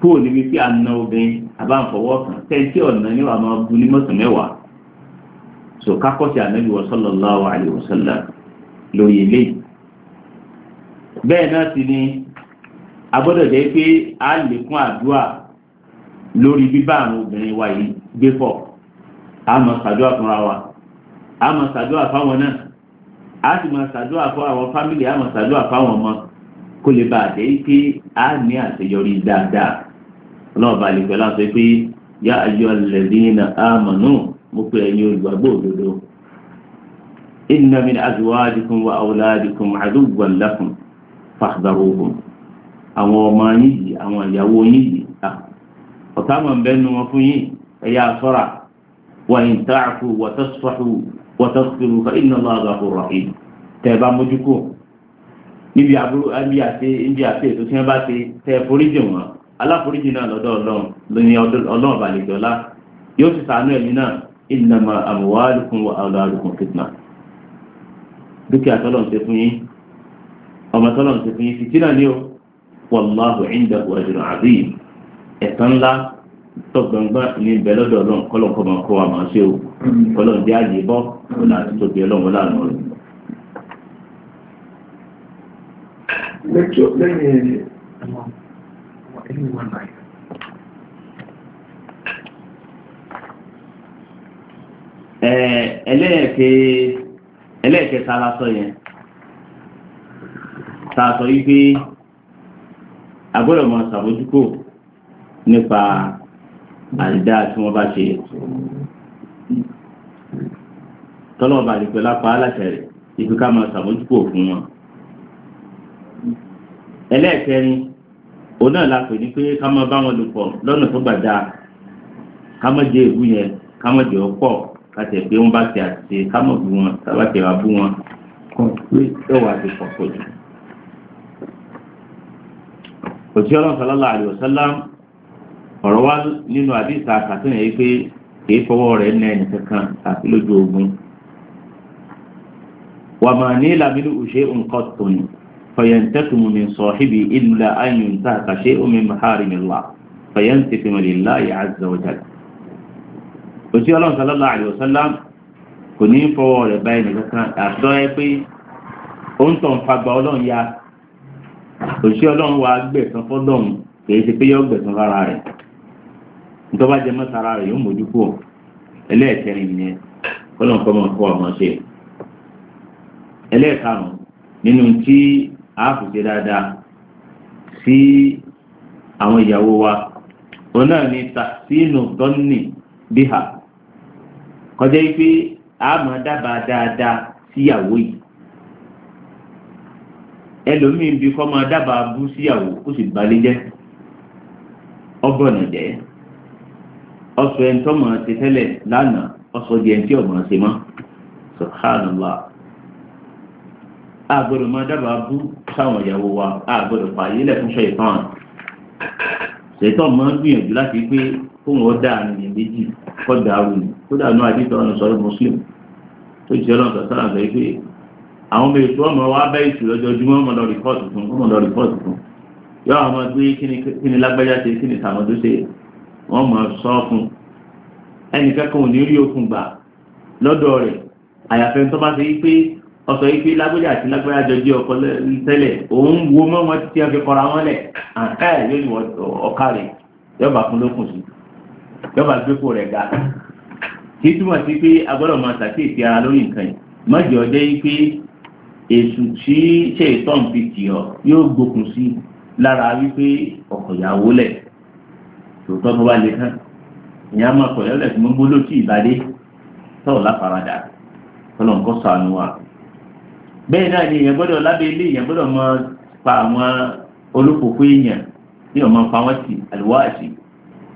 kó o níbi tí a na obìnrin àbáǹfọwọ́ kan tẹ́ntí ọ̀nà ní máa ní so kákọ́sí ànábì wa sallallahu alayhi wa sallam lórí eléyìí bẹ́ẹ̀ náà sì ni a gbọ́dọ̀ jẹ́ pé a lè kún àdúrà lórí bíbá wa yìí gbé a máa fúnra wa a máa ṣàdúrà fáwọn náà a sì máa ṣàdúrà fún àwọn fámìlì a fáwọn ọmọ lè bàa jẹ́ pé a ní àṣeyọrí ọlọ́ọ̀bá àlùfẹ́ láti pé yá ayọ́ alladhina amanu mo pe ẹ̀yin olùgbàgbọ́ òdodo inna min azwajikum wa awladikum aduwwan lakum fahdharuhum àwọn ọmọ yín yìí àwọn ìyàwó yín yìí ọ̀tá mọ̀ bẹ́ẹ̀ nu wọn fún yín ẹ̀yà sọ́ra wa in ta'fu wa tasfahu wa inna Allaha ghafurur rahim tẹ̀ bá mójú kù níbi àti ètò tí wọ́n bá ti tẹ̀ foríjì wọn aláforíjì náà lọ́dọ̀ ọlọ́run lóní ọlọ́run balẹ̀gbọ́lá yóò ti sàánú ẹ̀mí náà innama amwalukum wa awladukum fitna dúkìá tọ́lọ̀ ń ṣe fún yín ọmọ tọ́lọ̀ ń ṣe fún yín fìtínà ni ó wallahu indahu ajrun azim ẹ̀tọ́ ńlá tọ́gbọ̀ngbọ́n ní bẹ́ẹ̀ lọ́dọ̀ ọlọ́run kọ́lọ̀ kọ́ máa kọ́ wa Tell me one line. ẹlẹ́ẹ̀kẹ́ ẹlẹ́ẹ̀kẹ́ ta la sọ yẹn ta sọ yìí pé agbọ́dọ̀ mọ ṣàbójúkò nípa àdá tí wọ́n bá ṣe tọ́lọ́ bá lè pẹ́ lápá aláṣẹ rẹ̀ ìfi ká máa ṣàbójúkò fún wọn. ẹlẹ́ẹ̀kẹ́rin òun náà la pè ní pé ká máa bá wọn lò pọ̀ lọ́nà tó gbà dáa ká má jẹ èébú yẹn ká má jẹ ọ̀pọ̀ ká tẹ̀ pé wọ́n bá ti àṣe ká mọ̀ bú wọn ká bá tẹ̀ wá bú wọn kàn pé ẹwà ti pọ̀ pọ̀ jù. òtí ọlọ́run sallallahu alaihi wasallam ọ̀rọ̀ wá nínú àdìsá àkàtúnyẹ̀ pé kìí fọwọ́ rẹ̀ ná ẹnì kankan àti lójú ogun. wàmọ̀ ní làmínú òṣè nǹkan tó ní فينتقم من صاحبه إلا أن ينتهك شيء من محارم الله فينتقم لله عز وجل òsì ọlọ́run sọlọ́lá àdìọ́sọ́lám kò ní fọwọ́ rẹ̀ báyìí nìkan kan àtọ́ ẹ pé ó ń tàn fagbà ọlọ́run ya òsì ọlọ́run wa gbẹ̀sán fọ́lọ́run kìí ṣe pé yọ gbẹ̀sán lára rẹ̀ nítorí jẹ mọ́ sára rẹ̀ yóò mójú pọ̀ ẹlẹ́ẹ̀kẹrin nìyẹn ọlọ́run kọ́ fọ́ ọmọ ṣe ẹlẹ́ẹ̀karùn-ún nínú tí a fi ṣe dáadáa sí àwọn ìyàwó wa òun náà ni tàṣínù dọ́nì bíhà kọjá yìí pé a máa dábàá dáadáa síyàwó yìí ẹlòmíín bí kọ́ máa dábàá bú síyàwó ó sì balẹ̀ jẹ́ ọgbọ̀nà jẹ́ ọsọ ẹni tó máa ṣe tẹ́lẹ̀ lánàá ọsọ di ẹni tí ọ̀ máa ṣe mọ́ subhanallah a máa dábàá bú sáwọn ìyàwó wa a gbọ́dọ̀ fààyè lẹ̀ fún ṣètàn ṣètàn máa ń gbìyànjú láti pé kóun ó dà ní méjì kọ́ dàrú ni kó dànù àdìsọ ọ̀nà sọ̀rọ̀ muslim tó jẹ́ lọ́nà sọ̀rọ̀ àgbẹ̀ pé àwọn ọmọ èso ọmọ wa bẹ́ ìṣù lọ́jọ́júmọ́ ọmọ lọ rìpọ́ọ̀tù fún ọmọ lọ rìpọ́ọ̀tù fún yọ àwọn ọmọ gbé kí ni lágbájá ṣe kí ni tàwọn tó ṣe wọ́n mọ̀ sọ́ fún ẹnì kẹ́kọ̀ọ́ ní rí okùn gbà lọ́dọ̀ rẹ̀ àyàfẹ́ bá ṣe yí pé ọ̀sọ̀ yìí pé lágbájá àti lágbájá jọ jẹ́ ọkọ tẹ́lẹ̀ òun wo mọ́ wọn tí wọ́n fi kọra wọn lẹ̀ ẹ̀ lórí ọ̀ka rẹ̀ yọba fún lókun sí yọba gbépo rẹ̀ ga kí túmọ̀ sí pé agbọ́dọ̀ máa ṣàkíyèsí ara lórí nǹkan yìí mọ́jì ọjọ́ yìí pé èṣù tí ṣe ìtọ́n fi tì ọ́ yóò gbókun sí lára wípé ọkọ̀ ìyàwó lẹ̀ tòótọ́ tó bá le tán ìyá máa kọ̀ yọ́lẹ̀ fún mọ́ gbólóṣì ìbàdí tọ́ọ̀ láfaradà tọ́lọ̀ nǹkan sànù wa bẹ́ẹ̀ náà ni èèyàn gbọ́dọ̀ lábẹ́ ilé èèyàn gbọ́dọ̀ mọ pa àwọn olókòókò èèyàn ní ọmọ pa wọ́n sí àlùwá àṣì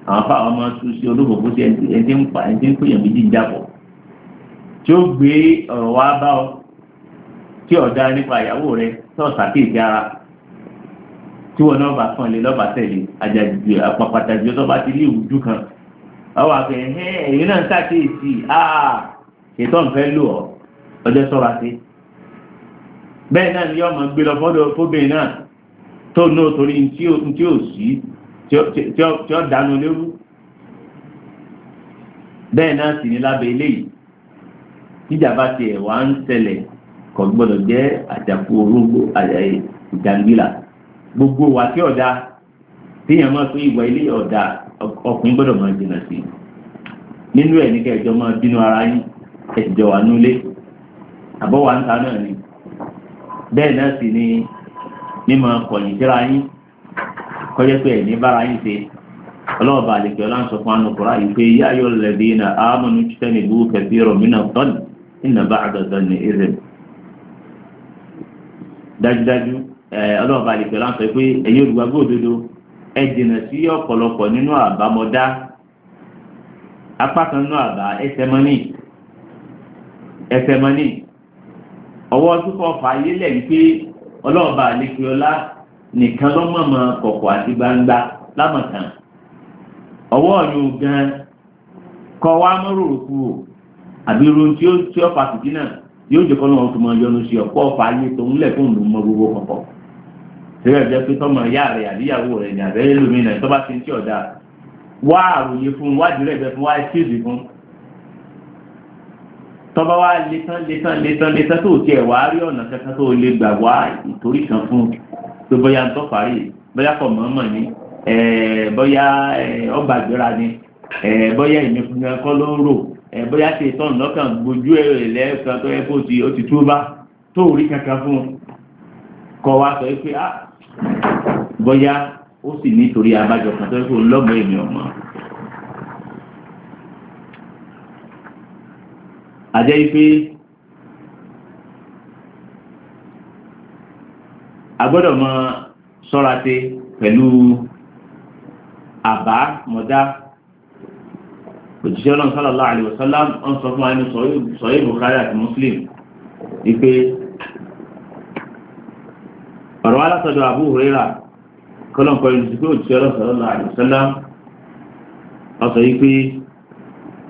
àwọn fa àwọn ọmọ tún sí olókòókò sí ẹni tí ń pa ẹni tí ń pèèyàn méjì ń dàpọ̀ tí ó gbé ọ̀rọ̀ wá bá ọ tí ọ̀dá nípa ìyàwó rẹ tó ṣàkíyèsí ara tí wọn náà bá kàn lé lọ́ba tẹ̀lé àjàjì àpapàtà ìjọ tó bá ti lé ìwújú kan ọwọ́ àfẹ́ ẹ̀yìn náà ń ah, àà ètò ìfẹ́ lò ọ ọjọ́ sọ́ra bẹ́ẹ̀ náà ni ọmọ gbé lọ fọ́dọ̀ fóbìnrin náà tó náà torí tí ó sí tí ó dánú léwu bẹ́ẹ̀ náà sì ní lábẹ́ yìí tíjàmbá ti ẹ̀ ń ṣẹlẹ̀ gbọ́dọ̀ jẹ́ àjàkú orógbó ìjàngbìlà gbogbo wa tí ọ̀dà téèyàn máa fi ìwà ilé ọ̀dà ọkùnrin gbọ́dọ̀ máa jìnnà bẹ́ẹ̀ náà sì ni mímọ kọ̀yìn síra yín kọjá pé ẹ̀mí bára yín ṣe ọlọ́ọ̀bà àlejò ọláńsọ fún àwọn ọkùnrin pé yá ayọ́ lẹ́bí iná àmọ́nú títẹ́ ní ìlú kẹfì rọ̀mínà tọ́nì iná bá àgbàdo ní ìrìn. dájúdájú ọlọ́ọ̀bà àlejò pé ẹ̀yin ẹ sí ọ̀pọ̀lọpọ̀ nínú àbámọ́dá apá kan nínú àbá ọwọ́ túbọ̀ fà á yélẹ̀ wípé ọlọ́ọ̀bà àlekèọlá nìkan lọ́mọ̀mọ́ kọ̀kọ̀ àti gbangba lámọ̀kan ọwọ́ yóò gan kọ́ wa mọ́ròrò o àbí irun tí ó tí ó náà yóò jẹ́ kọ́ lọ́wọ́ yọnu sí ọ̀pọ̀ tó ń gbogbo kọ̀kọ̀ pé tọ́mọ rẹ̀ àbíyàwó rẹ̀ ní àbẹ́rẹ́ bá ti ń tí ọ̀dà wá àròyé fún wá ìbẹ́ fún tọba wa leta leta létán létán tó tiẹ̀ wá rí ọ̀nà kankan tó lè gbà wá boya kan fún un pé bóyá ń ni bóyá ọgbà ìgbéra ni bóyá ìmí fúnra kọ́ ló ń rò bóyá ṣe lọ́kàn gbójú ẹ̀ ti ó ti tú bá tó rí kankan fún un kọ́ wa sọ pé ah, bóyá ó sì àjẹ́ yìí pé a gbọ́dọ̀ mọ sọ́ra ṣe pẹ̀lú àbá mọ̀dá òjíṣẹ́ ọlọ́run sallallahu alaihi wasallam ń sọ fún wa nínú sọ̀rọ̀ Bukhari àti Muslim wípé ọ̀rọ̀ wa látọ̀dọ̀ Abu Hurairah kọ́lọ́n kọ́ ẹni pé òjíṣẹ́ ọlọ́run sallallahu alaihi wasallam ọ̀sọ̀ yìí pé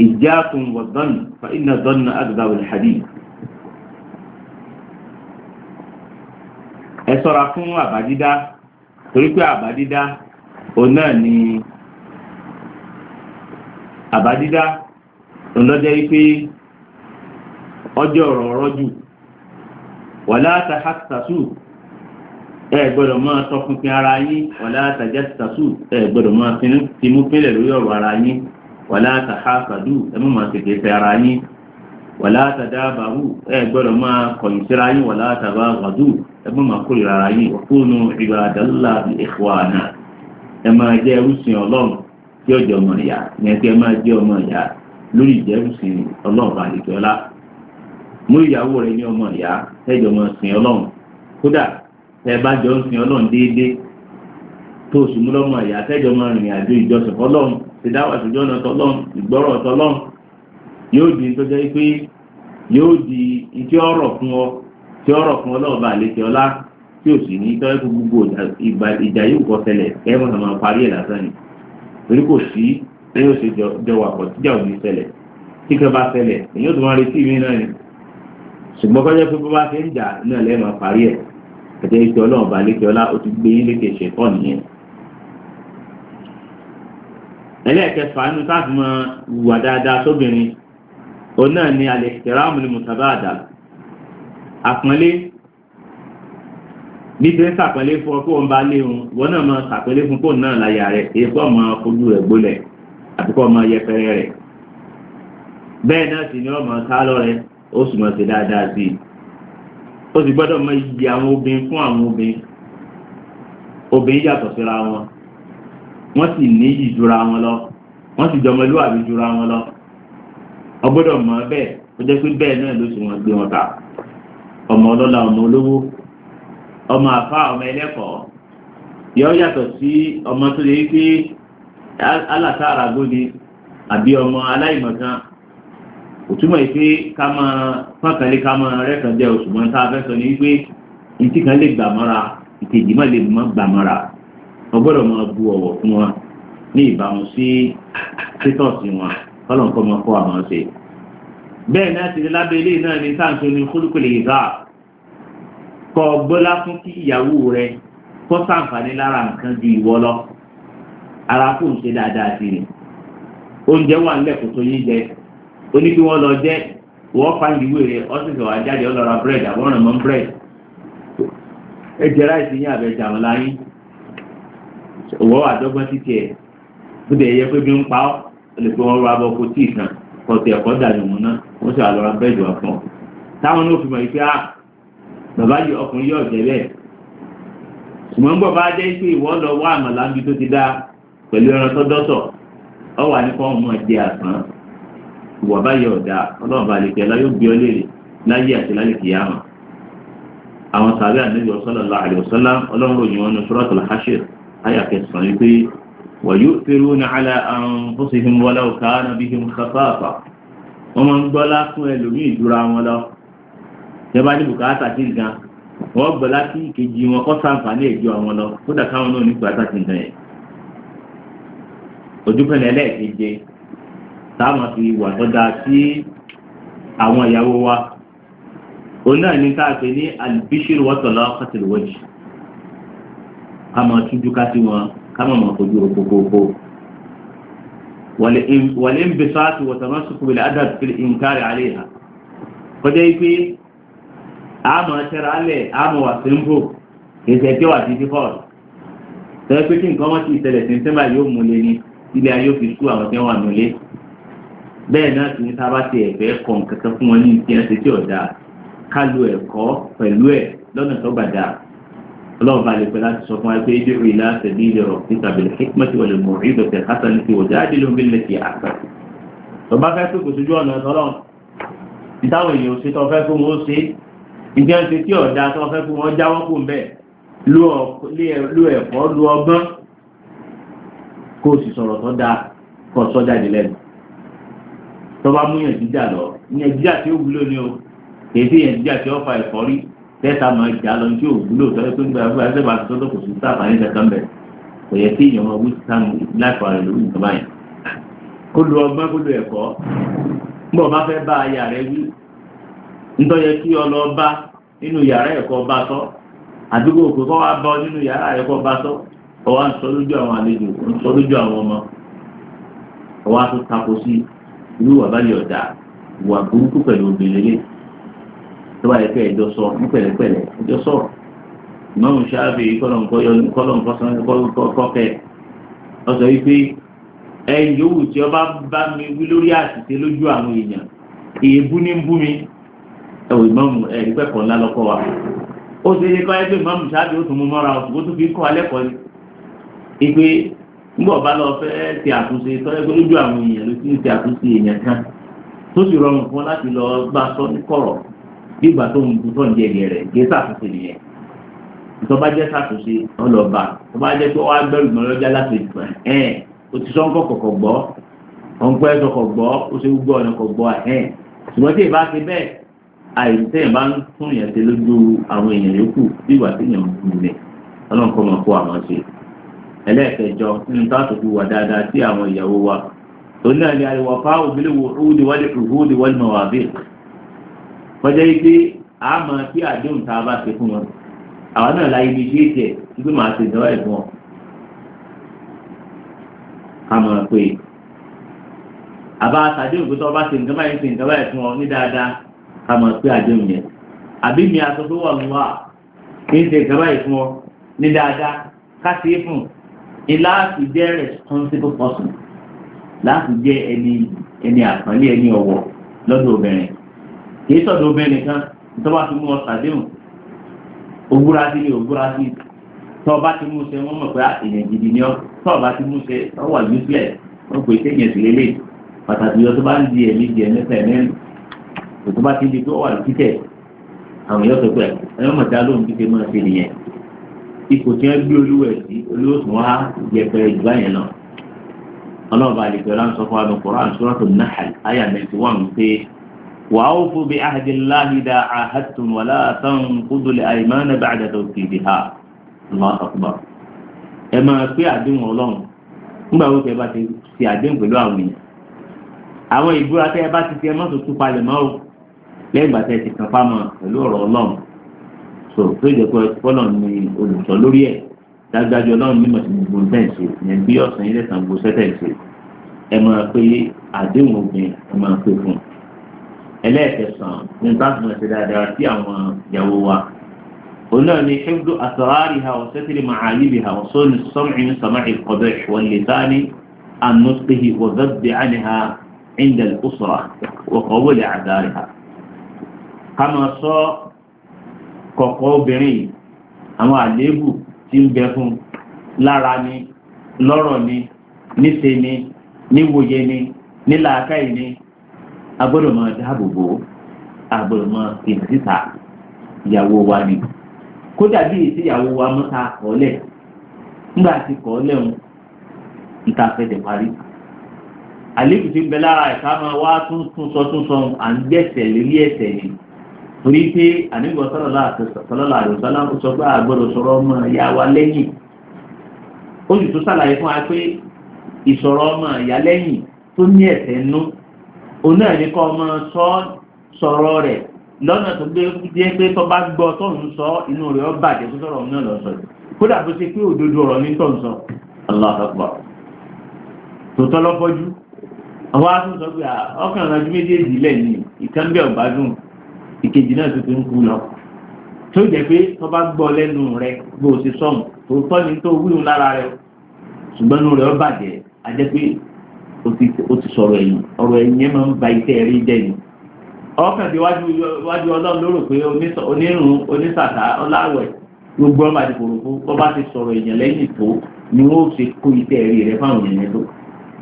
ìjà tún wọ̀dọ́nù فإن الظن أكذب الحديث ẹ ṣọ́ra fún torí pé òun náà ni ẹ gbọ́dọ̀ máa ara yín wàlá ẹ gbọ́dọ̀ máa tinú pínlẹ̀ lórí ara yín. wàlá tàhásàdù ẹ mọ̀ máa tètè fẹ́ ara yín wàlá tàdábàrú ẹ gbọ́dọ̀ máa kọ̀yìn síra yín wàlá tàbàgàdù ẹ mọ̀ máa kórìíra ara yín wàkúnù ìbàdàlá ìhwàna ẹ máa jẹ́ ẹrúsìn ọlọ́run tí ó jẹ́ ọmọ ìyá ìyẹn tí ẹ máa jẹ́ ọmọ ìyá lórí ìjẹ́ ẹrúsìn ọlọ́run àdìgbọ́lá mú ìyàwó rẹ ní ọmọ ìyá ẹjọ́ máa sìn ọlọ́run kódà ẹ bá jọ ń sìn ọlọ́run déédéé tó o sì mú lọ́mọ ìyá tẹ́jọ́ máa rìnrìn àjò ìjọsìn ọlọ́run ìdáwà tó jọ́nà tọ́lọ́n ìgbọ́rọ̀ tọ́lọ́n yóò di tó jẹ́ pé yóò di tí ọ̀rọ̀ fún ọ tí ọ̀rọ̀ fún ọlọ́ọ̀bà àlejò ọlá tí ò sì ní tọ́lẹ́ fún gbogbo ìjà yóò kọ́ tẹ́lẹ̀ ẹ̀rọ náà máa parí ẹ̀ lásán ni torí kò sí ẹ̀yìn ó ṣe jọ wà pọ̀ tíjà ò ní ṣẹlẹ̀ tí kẹ́ bá ṣẹlẹ̀ èyí ó tún máa retí mi náà ni ṣùgbọ́n kọ́jọ́ pé bó bá ṣe ń jà náà lẹ́ẹ̀ máa parí ẹ̀ ẹ̀jẹ̀ ìjọ ọlọ́ọ̀bà àlejò ọlá ó ti gbé yín lékè ṣẹ̀kọ́ nìyẹn ẹlẹ́ẹ̀kẹfà nínú táàbù mọ ìwà dáadáa sóbìnrin òun náà ni alẹ́ ìtẹ̀ráàmù ni mùsàbá àdá àpọ́nlé bí ti ń sàpọ́nlé fún ọ kó ń bá lé wọn wọn náà máa sàpọ́nlé fún kóun náà láyà rẹ̀ èyí kó ọmọ fojú rẹ̀ gbólẹ̀ àti kó ọmọ yẹpẹrẹ rẹ̀ bẹ́ẹ̀ náà sì ni ọmọ sálọ rẹ̀ ó sì mọ̀ sí dáadáa sí i ó sì gbọ́dọ̀ mọ iyì àwọn obìnrin fún àwọn obìnrin obìnrin yàtọ̀ síra wọn wọ́n sì níyì jura wọn lọ wọ́n sì jọmọlúwàbí jura wọn lọ ọgbọ́dọ̀ mọ̀ bẹ́ẹ̀ ó jẹ́ pé bẹ́ẹ̀ náà ló sì wọ́n gbé wọn ta ọmọ ọlọ́lá ọmọ olówó ọmọ àfa ọmọ ẹlẹ́kọ̀ọ́ yọ yàtọ̀ sí ọmọ tó lè pé alátàrà gbóni àbí ọmọ aláìmọ̀kan òtúmọ̀ yìí pé ká máa fọ́nkànlé ká máa rẹ́kàn jẹ́ òṣùwọ̀n tá a fẹ́ sọ ni wípé ìtì kan lè gbà mọ́ra ìkejì má lè gbà mọ́ra wọ́n gbọ́dọ̀ máa bu ọ̀wọ̀ fún wa ní ìbámu sí títọ́sí wọn kọ́lọ̀ nǹkan máa kọ́ àwọn ṣe. bẹ́ẹ̀ náà ti di lábẹ́ ilé náà ní sáǹsó ní kúlùkùlù ìzá kọ́ gbọ́lá fún kí ìyàwó rẹ kọ́ sàǹfààní lára nǹkan ju ìwọ lọ ara kò ń ṣe dáadáa sí ni oúnjẹ wà nílẹ̀ kò tó yín jẹ oní bí wọ́n lọ jẹ́ wọ́n fa ìwé rẹ̀ ọ́sísọ̀ wá jáde ọlọ́ra búrẹ́dì àbọ̀ràn mọ́ búrẹ́dì ẹ jẹ́ ráìsì yín àbẹ̀jà wọn láyín òwò àdọ́gbọ́n títí ẹ̀ bó dẹ̀ yẹ pé bí ń pa ọ́ ó lè pé wọ́n rọ abọ́ kó tíì kan kọ̀tì ẹ̀kọ́ dànù mú ná wọ́n sì fún ọ. táwọn náà fi mọ̀ ah, bàbá yìí ọkùnrin yóò jẹ́ bẹ́ẹ̀ ṣùgbọ́n bọ̀ bá jẹ́ pé ìwọ lọ wá àmàlà níbi tó ti dá pẹ̀lú ẹran ọ wà ní fọ́ọ̀mù jẹ́ àsán ọ̀dà ọlọ́run bá lè ọ láyé àti láyé àyà kẹsàn-án wípé wa yu'thiruna ala anfusihim walau kana bihim khasasa wọ́n máa ń gbọ́lá fún ẹlòmíì ìdúrà wọn lọ ìjọba ní bùkátà sí nǹkan wọ́n gbọ́lá sí ìkejì wọn kọ́ sàǹfààní ẹ̀jọ́ àwọn lọ kódà káwọn náà ní bùkátà sí nǹkan yẹn ojúpẹ̀lẹ̀ ẹlẹ́ẹ̀keje táwọn fi wà tó sí àwọn ìyàwó wa òun náà ní káàpẹ́ ní albishir wọ́tọ̀lá kọ́tìlúwọ́jì ká máa tújú ká sí wọn ká máa máa fojú ro kókókó. wàlẹ́ ń bẹ sọ́ọ́tù wọ̀tàmọ́ sùkúrù ilẹ̀ adà fi nkárì alẹ́ ha kọjá yìí pé àmọ̀ ṣẹ̀rẹ̀ alẹ̀ àmọ̀ wà sẹ́ńbò kẹsẹ̀ tí wà títí fọ́ọ̀lù tẹ́lẹ̀ pé kí nǹkan wọ́n ti ìṣẹ̀lẹ̀ sí sẹ́mbà yóò mú lé ní ilé ayé òfin sùkúrù àwọn tí wọ́n wà nílé bẹ́ẹ̀ náà sì ní sábà ti ẹ̀fẹ́ kọ̀ọ̀kan fún wọn ní ìṣẹ́ ṣe tí ọ̀dà ká lo ẹ̀kọ́ pẹ̀lú ẹ̀ lọ́nà tó gbàdá ọlọ́run bá lè pẹ́ láti sọ fún wa pé ìdúró ìlà àtẹ̀bí ilẹ̀ rọ̀ níta bẹ̀rẹ̀ hikmati wọlé mọ̀ ìbò tẹ̀ hasan ní ti wòjá àdìlú bí lè ti àṣà. tọ́ba fẹ́ pé kò sójú ọ̀nà ọlọ́run ìtàwọn èèyàn ṣe tọ́ fẹ́ fún wọn ó ṣe ìjẹ́ ń ṣe tí ọ̀dà tọ́ fẹ́ fún wọn jáwọ́ kó ń lu ẹ̀fọ́ lu ọgbọ́n kó o sì sọ̀rọ̀ tó dáa kó sọ tọ́ba mú yẹn jíjà lọ yẹn jíjà tí ó wúlò ní o kèé tẹ́tà máa jà lọ ní tí ò wúlò tọ́lẹ́ tó ń gbà wípé ẹgbẹ́ bá tó tó kò ní tẹ̀sán bẹ̀ kò yẹ kí ìyẹn wí sánú láìpẹ́ rẹ̀ lórí ìjọba yẹn. kó lu ọgbọ́n kó lu ẹ̀kọ́ nígbà bá fẹ́ bá aya rẹ wí nítorí yẹ kí ọ lọ bá nínú yàrá ẹ̀kọ́ bá àdúgbò kọ́ wá nínú tó bá yẹ sọ ní pẹ̀lẹ́pẹ̀lẹ́ ẹjọ́ sọ̀rọ̀ ṣáàbì kọ́lọ̀nkọ́kẹ́ ọ̀sọ̀ wípé ẹ̀yìn yòówù tí ọba bá mi wí lórí àṣìṣe lójú àwọn èèyàn èébú ní bú mi ìmọ̀mù ńlá wa ó ṣe é kọ́ ẹgbẹ́ ìmọ̀mù ṣáàbì ó tún mú mọ́ra ọ̀sùn ọba lọ fẹ́ ti àtúnṣe tọ́lẹ́gbẹ́ lójú àwọn èèyàn ló ti ń ti àtúnṣe èèyàn kan tó sì rọrùn fún láti lọ bí ìgbà tó ń bu tó ń jẹ ìyẹn rẹ̀ gé sàtúnṣe nìyẹn tó bá jẹ́ sàtúnṣe ọlọ́ba tó bá jẹ́ pé wọ́n á gbẹ́rù gbọ́n lọ́jà láti ìgbà ẹ̀ o ti sọ́nkọ́ kọ̀kọ̀ gbọ́ ọ̀npẹ́ sọ̀kọ̀ gbọ́ o ṣe gbọ́ ọ̀nà kọ̀ gbọ́ ẹ̀ ṣùgbọ́n tí ìbá ti bẹ́ẹ̀ àìsí ẹ̀ bá ń tún yẹn ṣe lójú àwọn èèyàn yòókù bí ìwà tí yẹn ń gbìlẹ̀ ọlọ́nkọ́ mọ̀ kọjá yìí pé a máa kí àdéhùn tá a bá ṣe fún wọn àwọn náà láyé ibi ṣe é tiẹ̀ wípé màá ṣe ìdánwò ẹ̀ fún ọ ká máa pè é àbá àtàdéhùn pé tó bá ṣe nǹkan báyìí ṣe nǹkan báyìí fún ọ ní dáadáa ká máa pè àdéhùn yẹn àbí mi aṣọ tó wà lọ́wọ́ kí n ṣe nǹkan báyìí fún ọ ní dáadáa ká ṣe é fún ni láti jẹ́ responsible person láti jẹ́ ẹni ẹni àpọ́nlé ẹni ọ̀wọ̀ lọ́dọ̀ obìnrin kìí sọ̀dọ̀ obìnrin nìkan tọ́ba ti mú wọn sàdéhùn ògbúra sí ni ògbúra sí tọ́ba ti mú ṣe wọ́n mọ̀ pé ah, èèyàn gidi ni ọ́ tọ́ba ti mú ṣe ọ́ wà useless wọ́n pè é téèyàn sí lélẹ̀ pàtàkì yọ tó bá ń di ẹ̀mí di ẹ̀mí fẹ̀ mẹ́rin òtún bá ti di pé ó wà lókítẹ̀ àwọn yóò sọ pé ẹ̀rọ mọ̀tá ló ń bí ṣe máa ṣe nìyẹn ipò tí wọ́n gbé olúwẹ̀ sí olóòtú wá yẹpẹrẹ ìgbà yẹn náà ọlọ́ọ̀bà àlejò ọlá ń sọ fún وأوفوا بعهد الله إذا عاهدتم ولا تنقضوا الأيمان بعد توكيدها الله أكبر ẹ máa pé àdéhùn ọlọ́run nígbà wo tẹ bá ti ṣe àdéhùn pẹ̀lú àwọn èèyàn àwọn ìbúra tẹ bá ti ṣe ẹ má tó tún palẹ̀ mọ́ o lẹ́yìn ìgbà tẹ ti kàn fámọ́ pẹ̀lú ọ̀rọ̀ ọlọ́run so tó jẹ́ pé fọ́lọ̀ ni olùsọ lórí ẹ̀ dájúdájú ọlọ́run mímọ̀ sí gbogbo ń tẹ̀sí ìyẹn bí ọ̀sán ilé ìsàn gbogbo sẹ́tẹ̀ ṣe ẹ máa pé àdéhùn obìnrin ẹ máa pé fún un ẹlẹ́ẹ̀kẹsàn ní báńkì náà ṣe dáadáa sí àwọn ìyàwó wa òun náà ni ṣẹ́gbó àsàrárì ha wọ́n sẹ́tìrì màálìbì ha wọ́n sọ́ni sọ́mìn sàmáì kọ̀dọ̀ wọ́n lè sáni ànúṣehì wọ́n zọ́bì àní ha ìndẹ̀ ọ̀sọ̀rà wọ́n kọ́ àdáàrí ha. ká máa sọ kọ̀kọ́ obìnrin àwọn àléébù tí ń bẹ fún lára ni lọ́rọ̀ ni níṣe ni níwòye ni nílàákàyè a gbọ́dọ̀ máa dáàbò bò a máa síta wa ni kódà bí èsì wa ta kọ́lẹ̀ nígbà tí kọ́lẹ̀ ń níta fẹ́tẹ̀ parí àlébù ti ń bẹ lára ẹ̀ka máa wá tún tún sọ tún sọ à ń gbẹ̀sẹ̀ lórí ẹ̀sẹ̀ ni torí pé àníbọ̀ sọ́lọ́lá sọ wa lẹ́yìn ó fún wa pé ìsọ̀rọ̀ ọmọ ìyá lẹ́yìn tó òun eni ọmọ sọ sọ̀rọ̀ rẹ̀ lọ́nà tó gbé jẹ́ pé tó bá gbọ́ tó sọ inú rẹ̀ bàjẹ́ tó sọ̀rọ̀ náà lọ sọ kódà tó ṣe pé òdodo ọ̀rọ̀ ní tó sọ Allahu tó tọ́lọ́ fọ́jú àwọn aṣọ sọ pé ah, ọkàn ìrìnàjò méjèèjì lẹ́yìn ìkànnbẹ̀ ọ̀gbádùn ìkejì náà tó ń kú lọ tó jẹ́ pé tó bá ó ti sọ̀rọ̀ ẹ̀yìn ọ̀rọ̀ ẹ̀yìn yẹn máa ń ba iṣẹ́ rí jẹ́ ni. ọkàn tí wájú ọlọ́run ló rò pé onírun onísàtà ọláwẹ̀ gbogbo ọba ti kòrò fún bọ́ bá ti sọ̀rọ̀ èèyàn lẹ́yìn tó ni wọ́n ṣe kó iṣẹ́ rí rẹ fáwọn èèyàn tó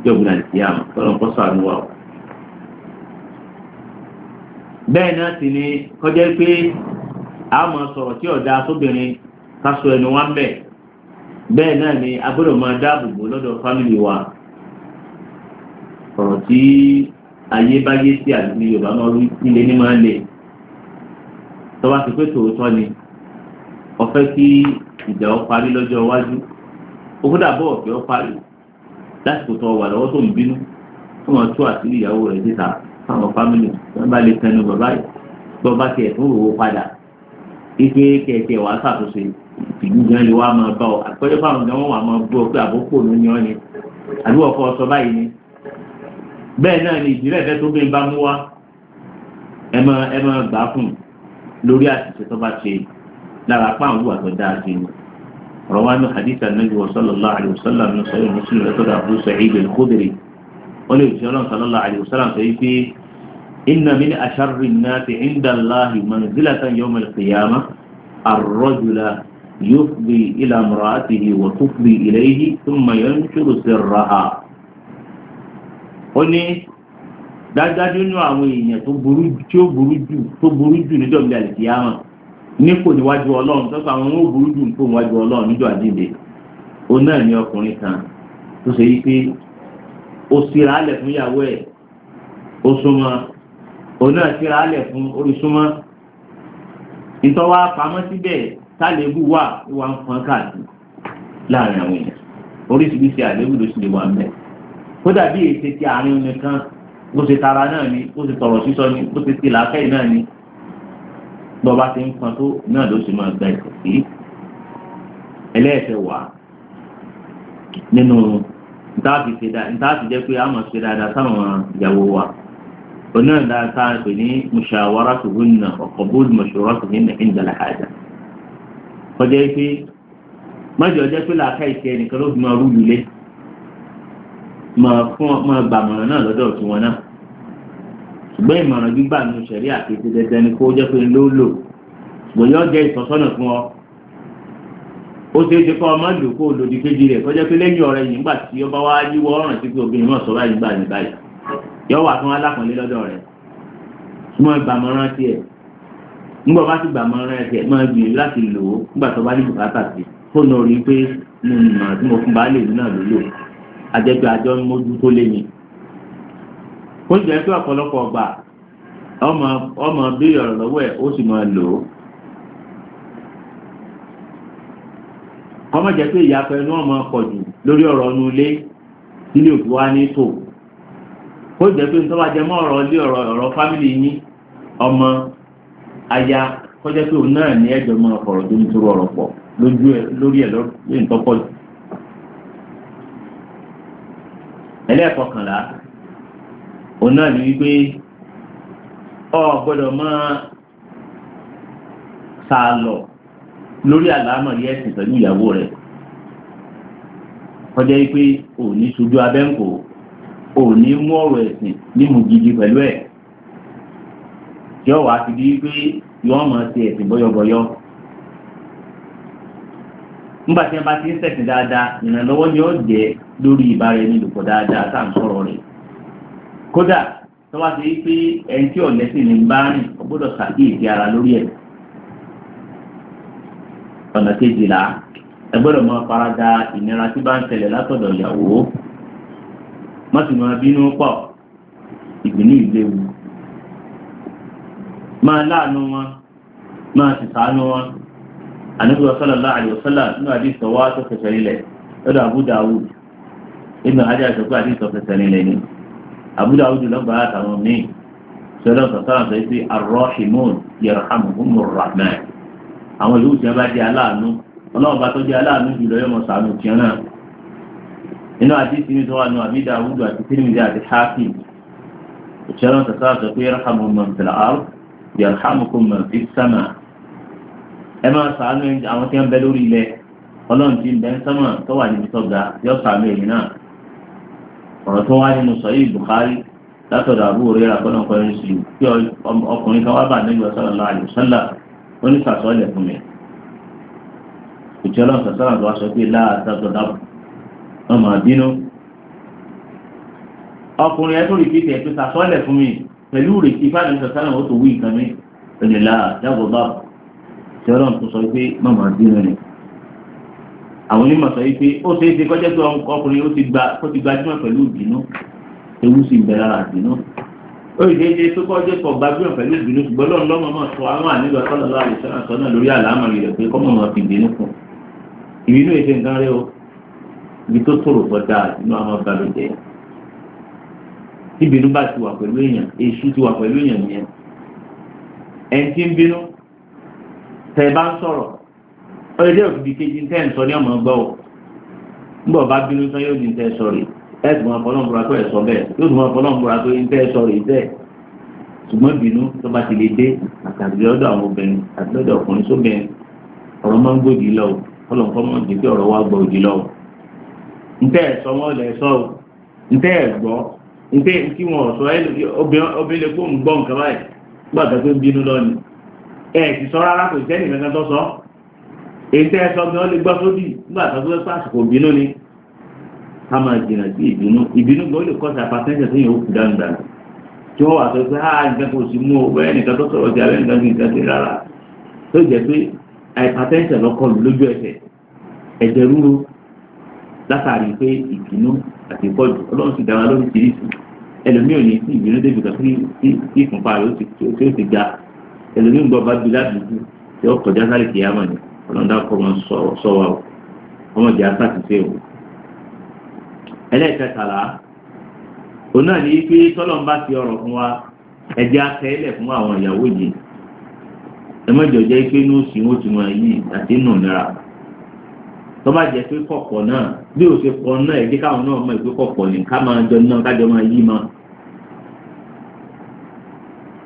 jọ̀gbìn àti àmọ́ tọ́lọ́ kọ́ sàánú wa. bẹ́ẹ̀ náà sì ni kọjá pé a máa sọ̀rọ̀ tí ọ̀dà sóbìnrin ká sọ ẹnu wá ń bẹ̀ bẹ́ẹ̀ náà ni a gbọ́dọ̀ máa dáàbò bò lọ́dọ̀ fámìlì wa ọ̀rọ̀ tí ayé bá yé sí àdúgbò yorùbá máa wí nílé ní máa lè tọ́wá ti pé tòótọ́ ni ọ̀fẹ́ kí ìjà ọ parí lọ́jọ́ iwájú òkúta bọ́ ọ̀fẹ́ ọ parí lásìkò tó wà lọ́wọ́ tó ń bínú fún wọn tó àtìlú ìyàwó rẹ̀ síta fáwọn fámìlì wọn bá lè tẹnu bàbá yìí gbọ́ bá tiẹ̀ fún òwò padà ipe kẹ̀kẹ́ wàá ṣàtúnṣe ìlú gan lè wá máa bá ọ àpẹẹrẹ fáwọn gan wọn wà máa bú ọ pé àbókò ló ní ọ ni àbí ọkọ ọsọ báyìí ni bẹ́ẹ̀ náà ni ìdílé ẹ̀fẹ́ tó bẹ́ẹ̀ bá mú wá ẹ mọ ẹ mọ gbà fún lórí àṣìṣe tó bá ṣe lára pa àwọn ìwà tó dáa sí ni ọ̀rọ̀ wa ní hadith anabi wa sallallahu alayhi wa sallam ní sọ́yìn muslim lọ́sọ̀dọ̀ Abu Sa'id al-Khudri ó lè fi ọlọ́run sallallahu alayhi wa sallam sọ yìí pé inna min asharri nnaasi inda Allahi manzilatan yawm al-qiyamah ar-rajula yufdi ila imra'atihi wa tufdi ilayhi thumma yanshuru sirraha ó ní dájúdájú nínú àwọn èèyàn tó burú tí ó burú jù tó burú jù níjọ́ ìgbà ìkìyàmọ̀ nípò níwájú ọlọ́run tó sọ àwọn ohun burú jù nípò níwájú ọlọ́run níjọ́ àdìde ó náà ní ọkùnrin kan tó ṣe yí pé ó síra álẹ̀ fún ìyàwó ẹ̀ ó súnmọ́ ó náà síra álẹ̀ fún orísúnmọ́ ìtọ́wá pamọ́ síbẹ̀ tálẹ́bù wà ìwà ń káàkiri láàrin àwọn èèyàn oríṣiríṣi àlébù ló sì lè wà mẹ́rin kódà bí èyí ṣe ti àárín nìkan bó ṣe tara náà ni bó ṣe tọ̀rọ̀ sísọ ni bó ṣe ti làákàyè náà ni bọba ti ń kan tó náà ló ṣe máa gba ẹ̀kọ́ sí ẹlẹ́ẹ̀fẹ́ wà nínú ntaàfi jẹ́ pé a máa ṣe dáadáa sáwọn ìyàwó wa onáà dáadáa pè ní mushawaratuhunna wa qabul mashuratuhunna inda al-haja kọjá pé májọ jẹ́ pé làákàyè ṣe ẹnìkan ló fi máa rú lulẹ̀ máa gbàmọ̀ràn náà lọ́dọ̀ tiwọn náà ṣùgbọ́n ìmọ̀ràn gbígbà ní ìṣẹ̀rí àti ti dandan ni kó jẹ́ pé ló lò ṣùgbọ́n yóò jẹ́ ìtọ́sọ́nà fún ọ ó ṣe é ṣe kọ́ ọmọ lò kó lòdì kejì rẹ̀ kọjá pé lẹ́yìn ọ̀rẹ́ yìí nígbà tí ọba wa yíwọ́ ọ̀ràn sí pé obìnrin náà sọ báyìí báyìí báyìí yọ wà fún alákànlé lọ́dọ̀ rẹ̀ ṣùgbọ́n ìgbàmọ̀ràn tiẹ̀ nígbà àjẹpẹ́ àjọ mójú tó lé ni ó sì jẹ́ pé ọ̀pọ̀lọpọ̀ ọgbà ọmọ béèrè ọ̀rọ̀ lọ́wọ́ ẹ̀ ó sì máa lò ó kọ́mọ̀ jẹ́ pé ìyàfẹ́ inú ọmọ pọ̀ jù lórí ọ̀rọ̀ inú ilé nílé òkú wa ní tò ó jẹ́ pé nítorí ajẹ́ mọ́ ọ̀rọ̀ ilé ọ̀rọ̀ ọ̀rọ̀ fámìlì yín ọmọ aya kọjá pé òun náà ní ẹjọ́ mọ́ ọ̀rọ̀ tó ń tó ọ̀rọ̀ pọ̀ lójú ẹ lórí ẹ̀ lórí ìtọ́pọ̀ jù ẹlẹ́ẹ̀kọkànlá òun náà ní wípé ọ gbọ́dọ̀ máa sàlọ̀ lórí àlámọ̀ rí ẹ̀sìn pẹ̀lú ìyàwó rẹ̀ kọjá wípé òní ṣojú abẹ́ǹkò òní mú ọ̀rọ̀ ẹ̀sìn nímú gidi pẹ̀lú ẹ̀ yọ wá ti di wípé yọ ọmọ ti ẹ̀sìn nígbà tí bá ti ń dáadáa ìrànlọ́wọ́ ni ó jẹ́ lórí ìbára ẹni lòpọ̀ dáadáa tá à ń sọ̀rọ̀ rẹ̀ kódà tó bá ti pé ẹni tí ọ̀lẹ́sìn ní bá rìn ó gbọ́dọ̀ ṣàkíyèsí ara lórí ẹ̀ ọ̀nà kejìlá ẹ gbọ́dọ̀ máa farada ìnira tí bá ń ṣẹlẹ̀ látọ̀dọ̀ ìyàwó má sì máa bínú pọ̀ ìbínú ìléwu máa láàánú wọn máa sì ṣàánú wọn àníkùrọ̀ sallallahu alaihi wasallam nínú àdìsọ̀wá tó fẹsẹ̀ rilẹ̀ lọ́dọ̀ Abu inú ajá ìṣòkú àti ìsọfẹsẹ nílẹ̀ ni àbúdá ojú lọ́gbà àtàwọn míì sọlọ sọsọlá sọ pé arọ́ṣìmọ́n yarhamuhumur rahman àwọn yòówù tí wọn bá jẹ́ aláàánú ọlọ́run bá tó jẹ́ aláàánú jùlọ yọmọ sànù tiẹ̀ náà inú àti ìsinmi tó wà nù àbí dàwùdù àti tìrìmìdì àti hákìm sọlọ sọsọlá sọ pé yarhamu man fil ard yarhamukum man fis ọ̀rọ̀ tó wá nínú sọ̀yí Bukhari látọ̀dọ̀ àbú orí àkọ́nà ọkùnrin sí pé ọkùnrin kan wá bà nígbà sallallahu alaihi wasallam ó ní sàsọ́ọ̀lẹ̀ fún mi ìjọlọ́ sàsọ́ọ̀lẹ̀ tó wá sọ pé láàtàtọ̀ dábò wọn máa bínú ọkùnrin ẹ tó rí fífi ẹ̀pẹ́ sàsọ́ọ̀lẹ̀ fún mi pẹ̀lú rètí fáàlì sàsọ́ọ̀lẹ̀ ó tó wí nǹkan mi ó ní láàtàtọ̀ dábò ìjọlọ́ tó sọ pé má máa bínú ni àwọn onímọ̀ sọ wípé ó ṣe é ṣe kọjá tó ọkùnrin ó ti gbajúmọ̀ pẹ̀lú ìbínú ewu sì ń bẹ lára ìbínú ó ṣe é ṣe tó kọjá tó gbajúmọ̀ pẹ̀lú ìbínú ṣùgbọ́n lọ́n lọ́mọ náà sọ àwọn àníbà sọ́nà lọ́wọ́ àlùsọ́nà sọ́nà lórí àlámọ̀ rẹ̀ pé kọ́mọ̀ wọn fi ìbínú kù ìbínú èṣe nǹkan rẹ o ibi tó tòrò bọ́ dáa inú àwọn ọba ló jẹ ìbínú bá ti wà pẹ̀lú èèyàn èṣù ti wà pẹ̀lú èèyàn nìyẹn ẹ̀ ń tí ń bínú tẹ̀ bá ń sọ̀rọ̀ ọ̀rẹ́ dẹ́ òfin kejì ń tẹ́ ń sọ ní ọmọ gbọ́ ò ńgbọ̀ bá bínú tán yóò ní tẹ́ sọ rè ẹ̀sùn máa fọlọ́n búra tó ẹ̀sọ́ bẹ́ẹ̀ yóò tún máa fọlọ́n búra tó ń tẹ́ sọ rè bẹ́ẹ̀ ṣùgbọ́n bínú tó bá ti lè dé àtàbí ọ̀dọ̀ àwọn obìnrin àti ọ̀dọ̀ ọkùnrin sóbìnrin ọ̀rọ̀ máa ń gbòdì lọ o ọlọ́n kọ́ mọ́ jẹ́ pé ọ̀rọ̀ wa gbọ́ òdì lọ o ntẹ́ ẹ̀sọ́ wọn lẹ̀ sọ o ntẹ́ ẹ̀gbọ́ ntẹ́ kí wọn sọ ẹ obìnrin lè gbóhùn gbọ́ nǹkan báyìí gbọ́dọ̀ pé bínú lọ ni ẹ̀ ti sọ rárá kò sẹ́ni ètò ẹ̀sọ́ gan lè gbọ́ sódì nígbà tó fẹ́ pàṣípò ìbínú ni a máa jìnnà sí ìbínú ìbínú gan lè kọ́sà pàṣẹ́ńtẹ̀ sí ìyẹn òkú dáadáa tí wọ́n wà sọ pé áà ah, nǹkan kò sí mú ọwọ́ ẹnìkan tó sọ̀rọ̀ sí abẹ́ nǹkan kì í kan sí rárá tó jẹ́ pé hypertension lọ́kọlù lójú ẹsẹ̀ ẹ̀jẹ̀ ríru látàrí pé ìbínú àti ìpọ́jù ọlọ́run ti dára lórí tìrìsì ẹlòmíì ò ní sí ìbínú débi kan sí ìfúnpá rẹ̀ ó ti ga ẹlòmíì ń gbọ́ bá bí ládùúgbò tí ó kọjá sáré kìí àmọ̀ ni ọlọ́dà kọ́ wọn sọ wa o ọmọ ìjà sàtìsẹ́ o. ẹlẹ́ẹ̀kẹtàlá òun náà ní pé tọ́lọ́n bá ti ọ̀rọ̀ fún wa ẹ̀jẹ̀ àtẹ́lẹ̀ fún àwọn ìyàwó yìí ẹ mọ̀jọ jẹ́ pé ní oṣù wọn ti mọ èyí àti nù nira tó bá jẹ́ pé kọ̀pọ̀ náà bí o ṣe pọ̀ náà ẹ̀jẹ̀ káwọn náà mọ̀ ìpè kọ̀pọ̀ ní ká máa jọ náà kájọ máa yí mọ́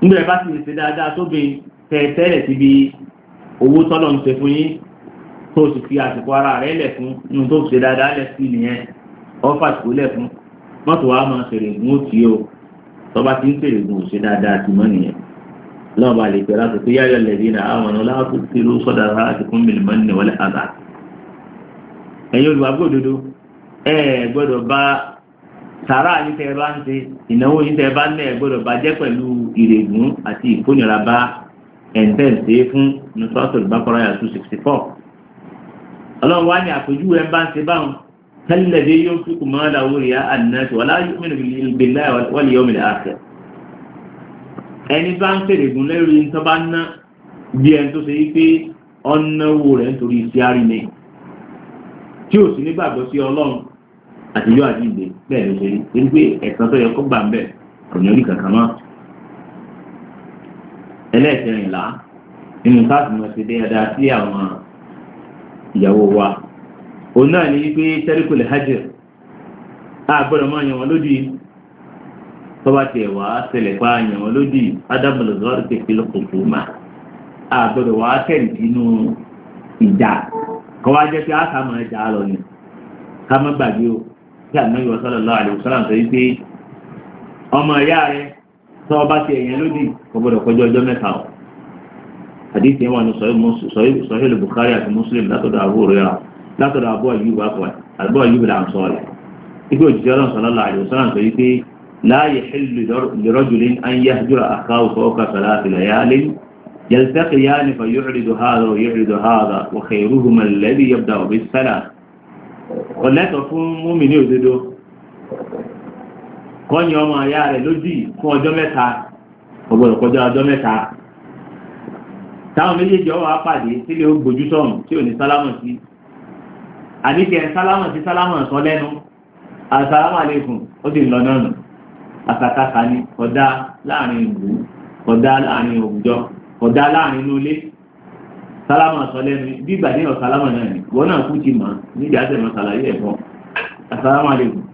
nígbà bá ti lè ṣe dáadáa tóbi tẹ̀tẹ̀lẹ̀ síbi owó tọ́lọ̀ ń ṣe fún yín tó sì fi àsìkò ara rẹ̀ lẹ̀ fún inú tó ṣe dáadáa lẹ̀ sí nìyẹn ọ́fà tó lẹ̀ fún mọ́tò wa máa ṣèrè gún ó tì í o tọ́ba ti ń ṣèrè gún ó ṣe dáadáa tì mọ́ nìyẹn lọ́wọ́ bá lè pẹ̀lú àti pé yáyọ̀ lẹ́bí náà àwọn ọ̀nà láàbù tí ló sọ́dà láti fún mílíọ̀nù mọ́nì wọlé àgbà. ẹ̀yin olùwàgbọ́ òdodo ẹ gbọ́dọ̀ bá sàrà yìí tẹ́ bá ń ṣe ìnáwó yìí tẹ́ bá ń ná ẹ gbọ́dọ̀ bá jẹ́ pẹ̀lú ìrègùn àti ìkónira bá ẹ̀ńtẹ́ ṣe é fún nùsọ́tò ìbákọ́rọ́ yà two sixty four ọlọ́run wá ní àpèjúwe ẹ̀ bá ń ṣe báwọn tẹ́lẹ̀dé yóò fi kù mọ́ láwùrọ̀ yá àdínàṣe wà láyé mìíràn bìlá wọlé yóò mìíràn àṣẹ ẹni bá ń fèrè gùn lẹ́rù yìí tó bá ń ná bí ẹni tó ṣe yí pé ọ̀nàwó rẹ̀ nítorí iṣẹ́ àrí ni tí ò sí nígbàgbọ́ sí ọlọ́run àtijọ́ àti ìgbé bẹ́ẹ̀ ló ṣe rí pé ẹ̀sán tó yẹ kó gbà ń bẹ̀ kò ní orí kankan mọ́. ẹlẹ́ẹ̀kẹrìnlá nínú táàtì mọ̀ sí dáadáa sí àwọn ìyàwó wa òun náà ní wípé máa yàn wọ́n lódì pa yàn wọ́n lódì ìjà jẹ́ pé kà máa jà lọ ni ká má gbàgbé o kí àná ìwọ sọ́lọ́ lọ́wọ́ àdìgbò ọmọ ìyá rẹ̀ tọ́ ọba ti ẹ̀yẹn lódì kò gbọdọ̀ kọjá ọjọ́ mẹ́ta o àdìsí wọn ni sọ́hìlì Bukhari àti Muslim látọ̀dọ̀ àbú rẹ̀ látọ̀dọ̀ àbú ayúbù àfọ̀ẹ́ àbú ayúbù là ń sọ rẹ̀ ibi òjijì ọlọ́run sọ̀rọ̀ la àdìsí ọlọ́run sọ wípé láàyè xìlì lọ́rọ̀jùlín ayé àjọ àkáwù fọ́ọ̀kà sọ̀rọ̀ àtìlẹ̀ yá lé yẹlẹ́tẹ́kì yá nífa yóòrìdò hàdà yóòrìdò kọ́ni ọmọ ìyá rẹ̀ lódì fún ọjọ́ mẹ́ta ọgbọ̀dọ̀ kọjá ọjọ́ mẹ́ta táwọn méjèèjì ọwọ́ apàdé sílé ó gbójú sọ̀rùn tí ò ní sálámọ̀ sí àníkẹ́ sálámọ̀ sí sálámọ̀ sọ lẹ́nu àsálámọ̀ àlékún ó sì lọ náà nù àkàtàkà ni kọjá láàrin ìlú kọjá láàrin òwùjọ kọjá láàrin inú ilé sálámọ̀ lẹ́nu bí ìgbà ní ọ̀sálámọ̀ náà ni wọ́n náà kú ti mọ̀ nídìí àtẹ̀mọ̀ sàlàyé ẹ̀fọ́ àsálámọ̀ àlékún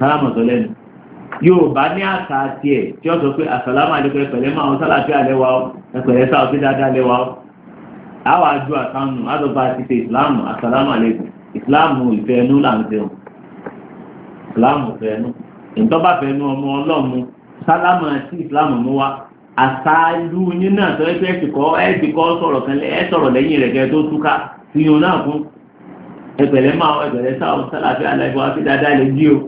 sálámọ̀ sọ lẹ́nu yoruba ní àṣà tiẹ̀ tí ó sọ pé àsàlámù àlékún ẹ̀pẹ̀lẹ́ máa ń sálàfí àlẹ́ wa ọ́ ẹ̀pẹ̀lẹ́ sáà fi dáadáa lẹ́ wa ọ́ àwọn àtànù àdọ́gba ti ṣe ìsìláàmù àsàlámù àlékún ìsìláàmù ìfẹ́ ẹnu là ń jẹun ìsìláàmù ìfẹ́ ẹnu ìtọ́ba ọmọ ọlọ́mu sálámù ẹ̀pẹ̀lẹ́ máa ẹ̀pẹ̀lẹ́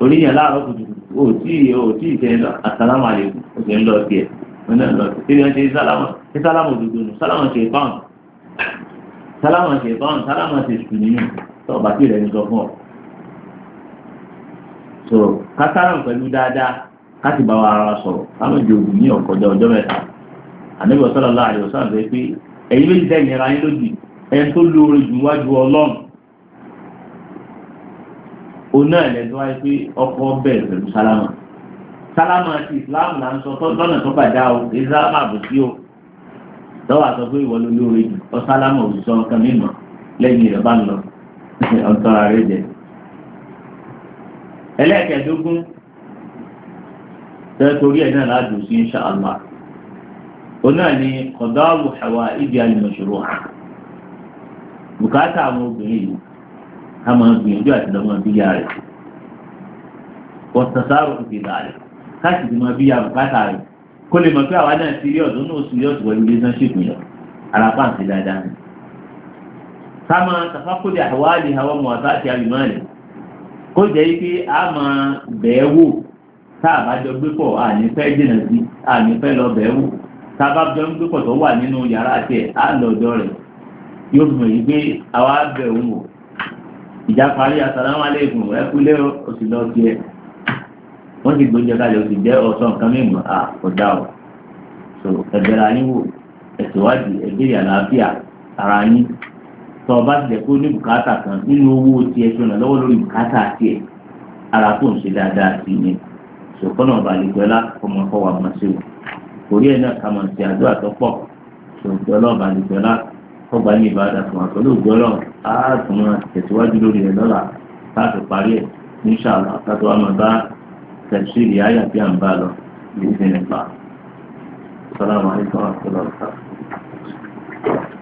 torí yẹn láàárọ̀ kùtùkùtù ó tí ó tí ìfẹ́ lọ àsálàmù àlèkùn ó ti ń lọ tiẹ̀ ó náà lọ tiẹ̀ tí wọ́n ti sálámù tí sálámù òdodo nù sálámù ṣe báwọn sálámù ṣe báwọn sálámù ṣe sùn nínú tó ọba tí rẹ̀ ń sọ fún ọ. so kátàrán pẹ̀lú dáadáa káti bá wa ara sọ̀rọ̀ káwọn ìdí ògùn ní ọ̀kọ́jọ ọjọ́ mẹ́ta ànábì sallallahu alaihi wasallam pé ẹ̀yin méjì tẹ̀yìn ara yín lódì ẹ̀ tó lóore jù wájú ọlọ́run oná ẹ̀ lẹ́tọ́ wáyé pé ọkọ bẹ̀rẹ̀ pẹ̀lú sálámà sálámà ti islam là ń sọ lọ́nà tó bàjá o kì í o lọ́wọ́ àtọ́ pé ìwọ ló lóore jù ọ sálámà òṣìṣọ́ nǹkan mímọ́ lẹ́yìn rẹ̀ bá ń lọ ọ̀tọ́ jẹ. ẹlẹ́ẹ̀kẹ́dógún tẹ́ torí ẹ̀ náà ni bùkátà àwọn obìnrin yìí ká máa gbìyànjú àti lọ́mọ bíyà rẹ̀ wọ́tàsáàrò ìgbèlà rẹ̀ káàkiri máa bíyà bùkátà rẹ̀ kó lè mọ̀ pé àwa náà ti rí ọ̀dọ́ náà síríọ̀sì wọ relationship yẹn alápá àti dáadáa ni. ká máa tàfákòlì àwáàlì àwọn ọmọ àti àti àlùmọ́ọ̀lì kó jẹ́ pé a máa bẹ̀ẹ́ wò tá a bá jọ gbé pọ̀ àní fẹ́ jìnà sí àní fẹ́ lọ bẹ̀ẹ́ wò tá a bá jọ gbé pọ̀ tó wà nínú yàrá àti ẹ̀ á lọ́jọ́ rẹ̀ yóò ìjà parí àsàlámù aléèkùn ẹkúlé oṣù lọ sí ẹ wọ́n ti gbóúnjẹ kalẹ̀ oṣù jẹ́ ọ̀sán nǹkan mímu à ọ̀dà ọ̀ so ẹ̀bẹ̀rẹ̀ ayé wò ẹ̀sẹ̀wádìí ẹ̀bẹ̀rẹ̀ àlàáfíà ara yín tọ́ ọ bá ti jẹ́ kó ní bùkátà kan nínú owó tiẹ̀ tó nà lọ́wọ́ lórí bùkátà tiẹ̀ ara kò ń ṣe dáadáa sí i so kọ́nà ọba àlejòọ́lá ọmọ ọkọ wa mọ̀ sí o orí ẹ̀ náà kà mọ̀ sí àdúrà tó pọ̀ so ọlọ́ọ̀ba àlejòọ́lá ọgbà ní ìbáradà fún àtọ́lóògbé ọlọ́run a tún máa tẹ̀síwájú lórí rẹ̀ lọ́la láti parí ẹ̀ níṣàlá kátó wa máa bá tẹ̀síìlì ayà bí à ń bá lọ ní ìdílé nípa. Assalamu alaikum warahmatullahi wabarakatuh.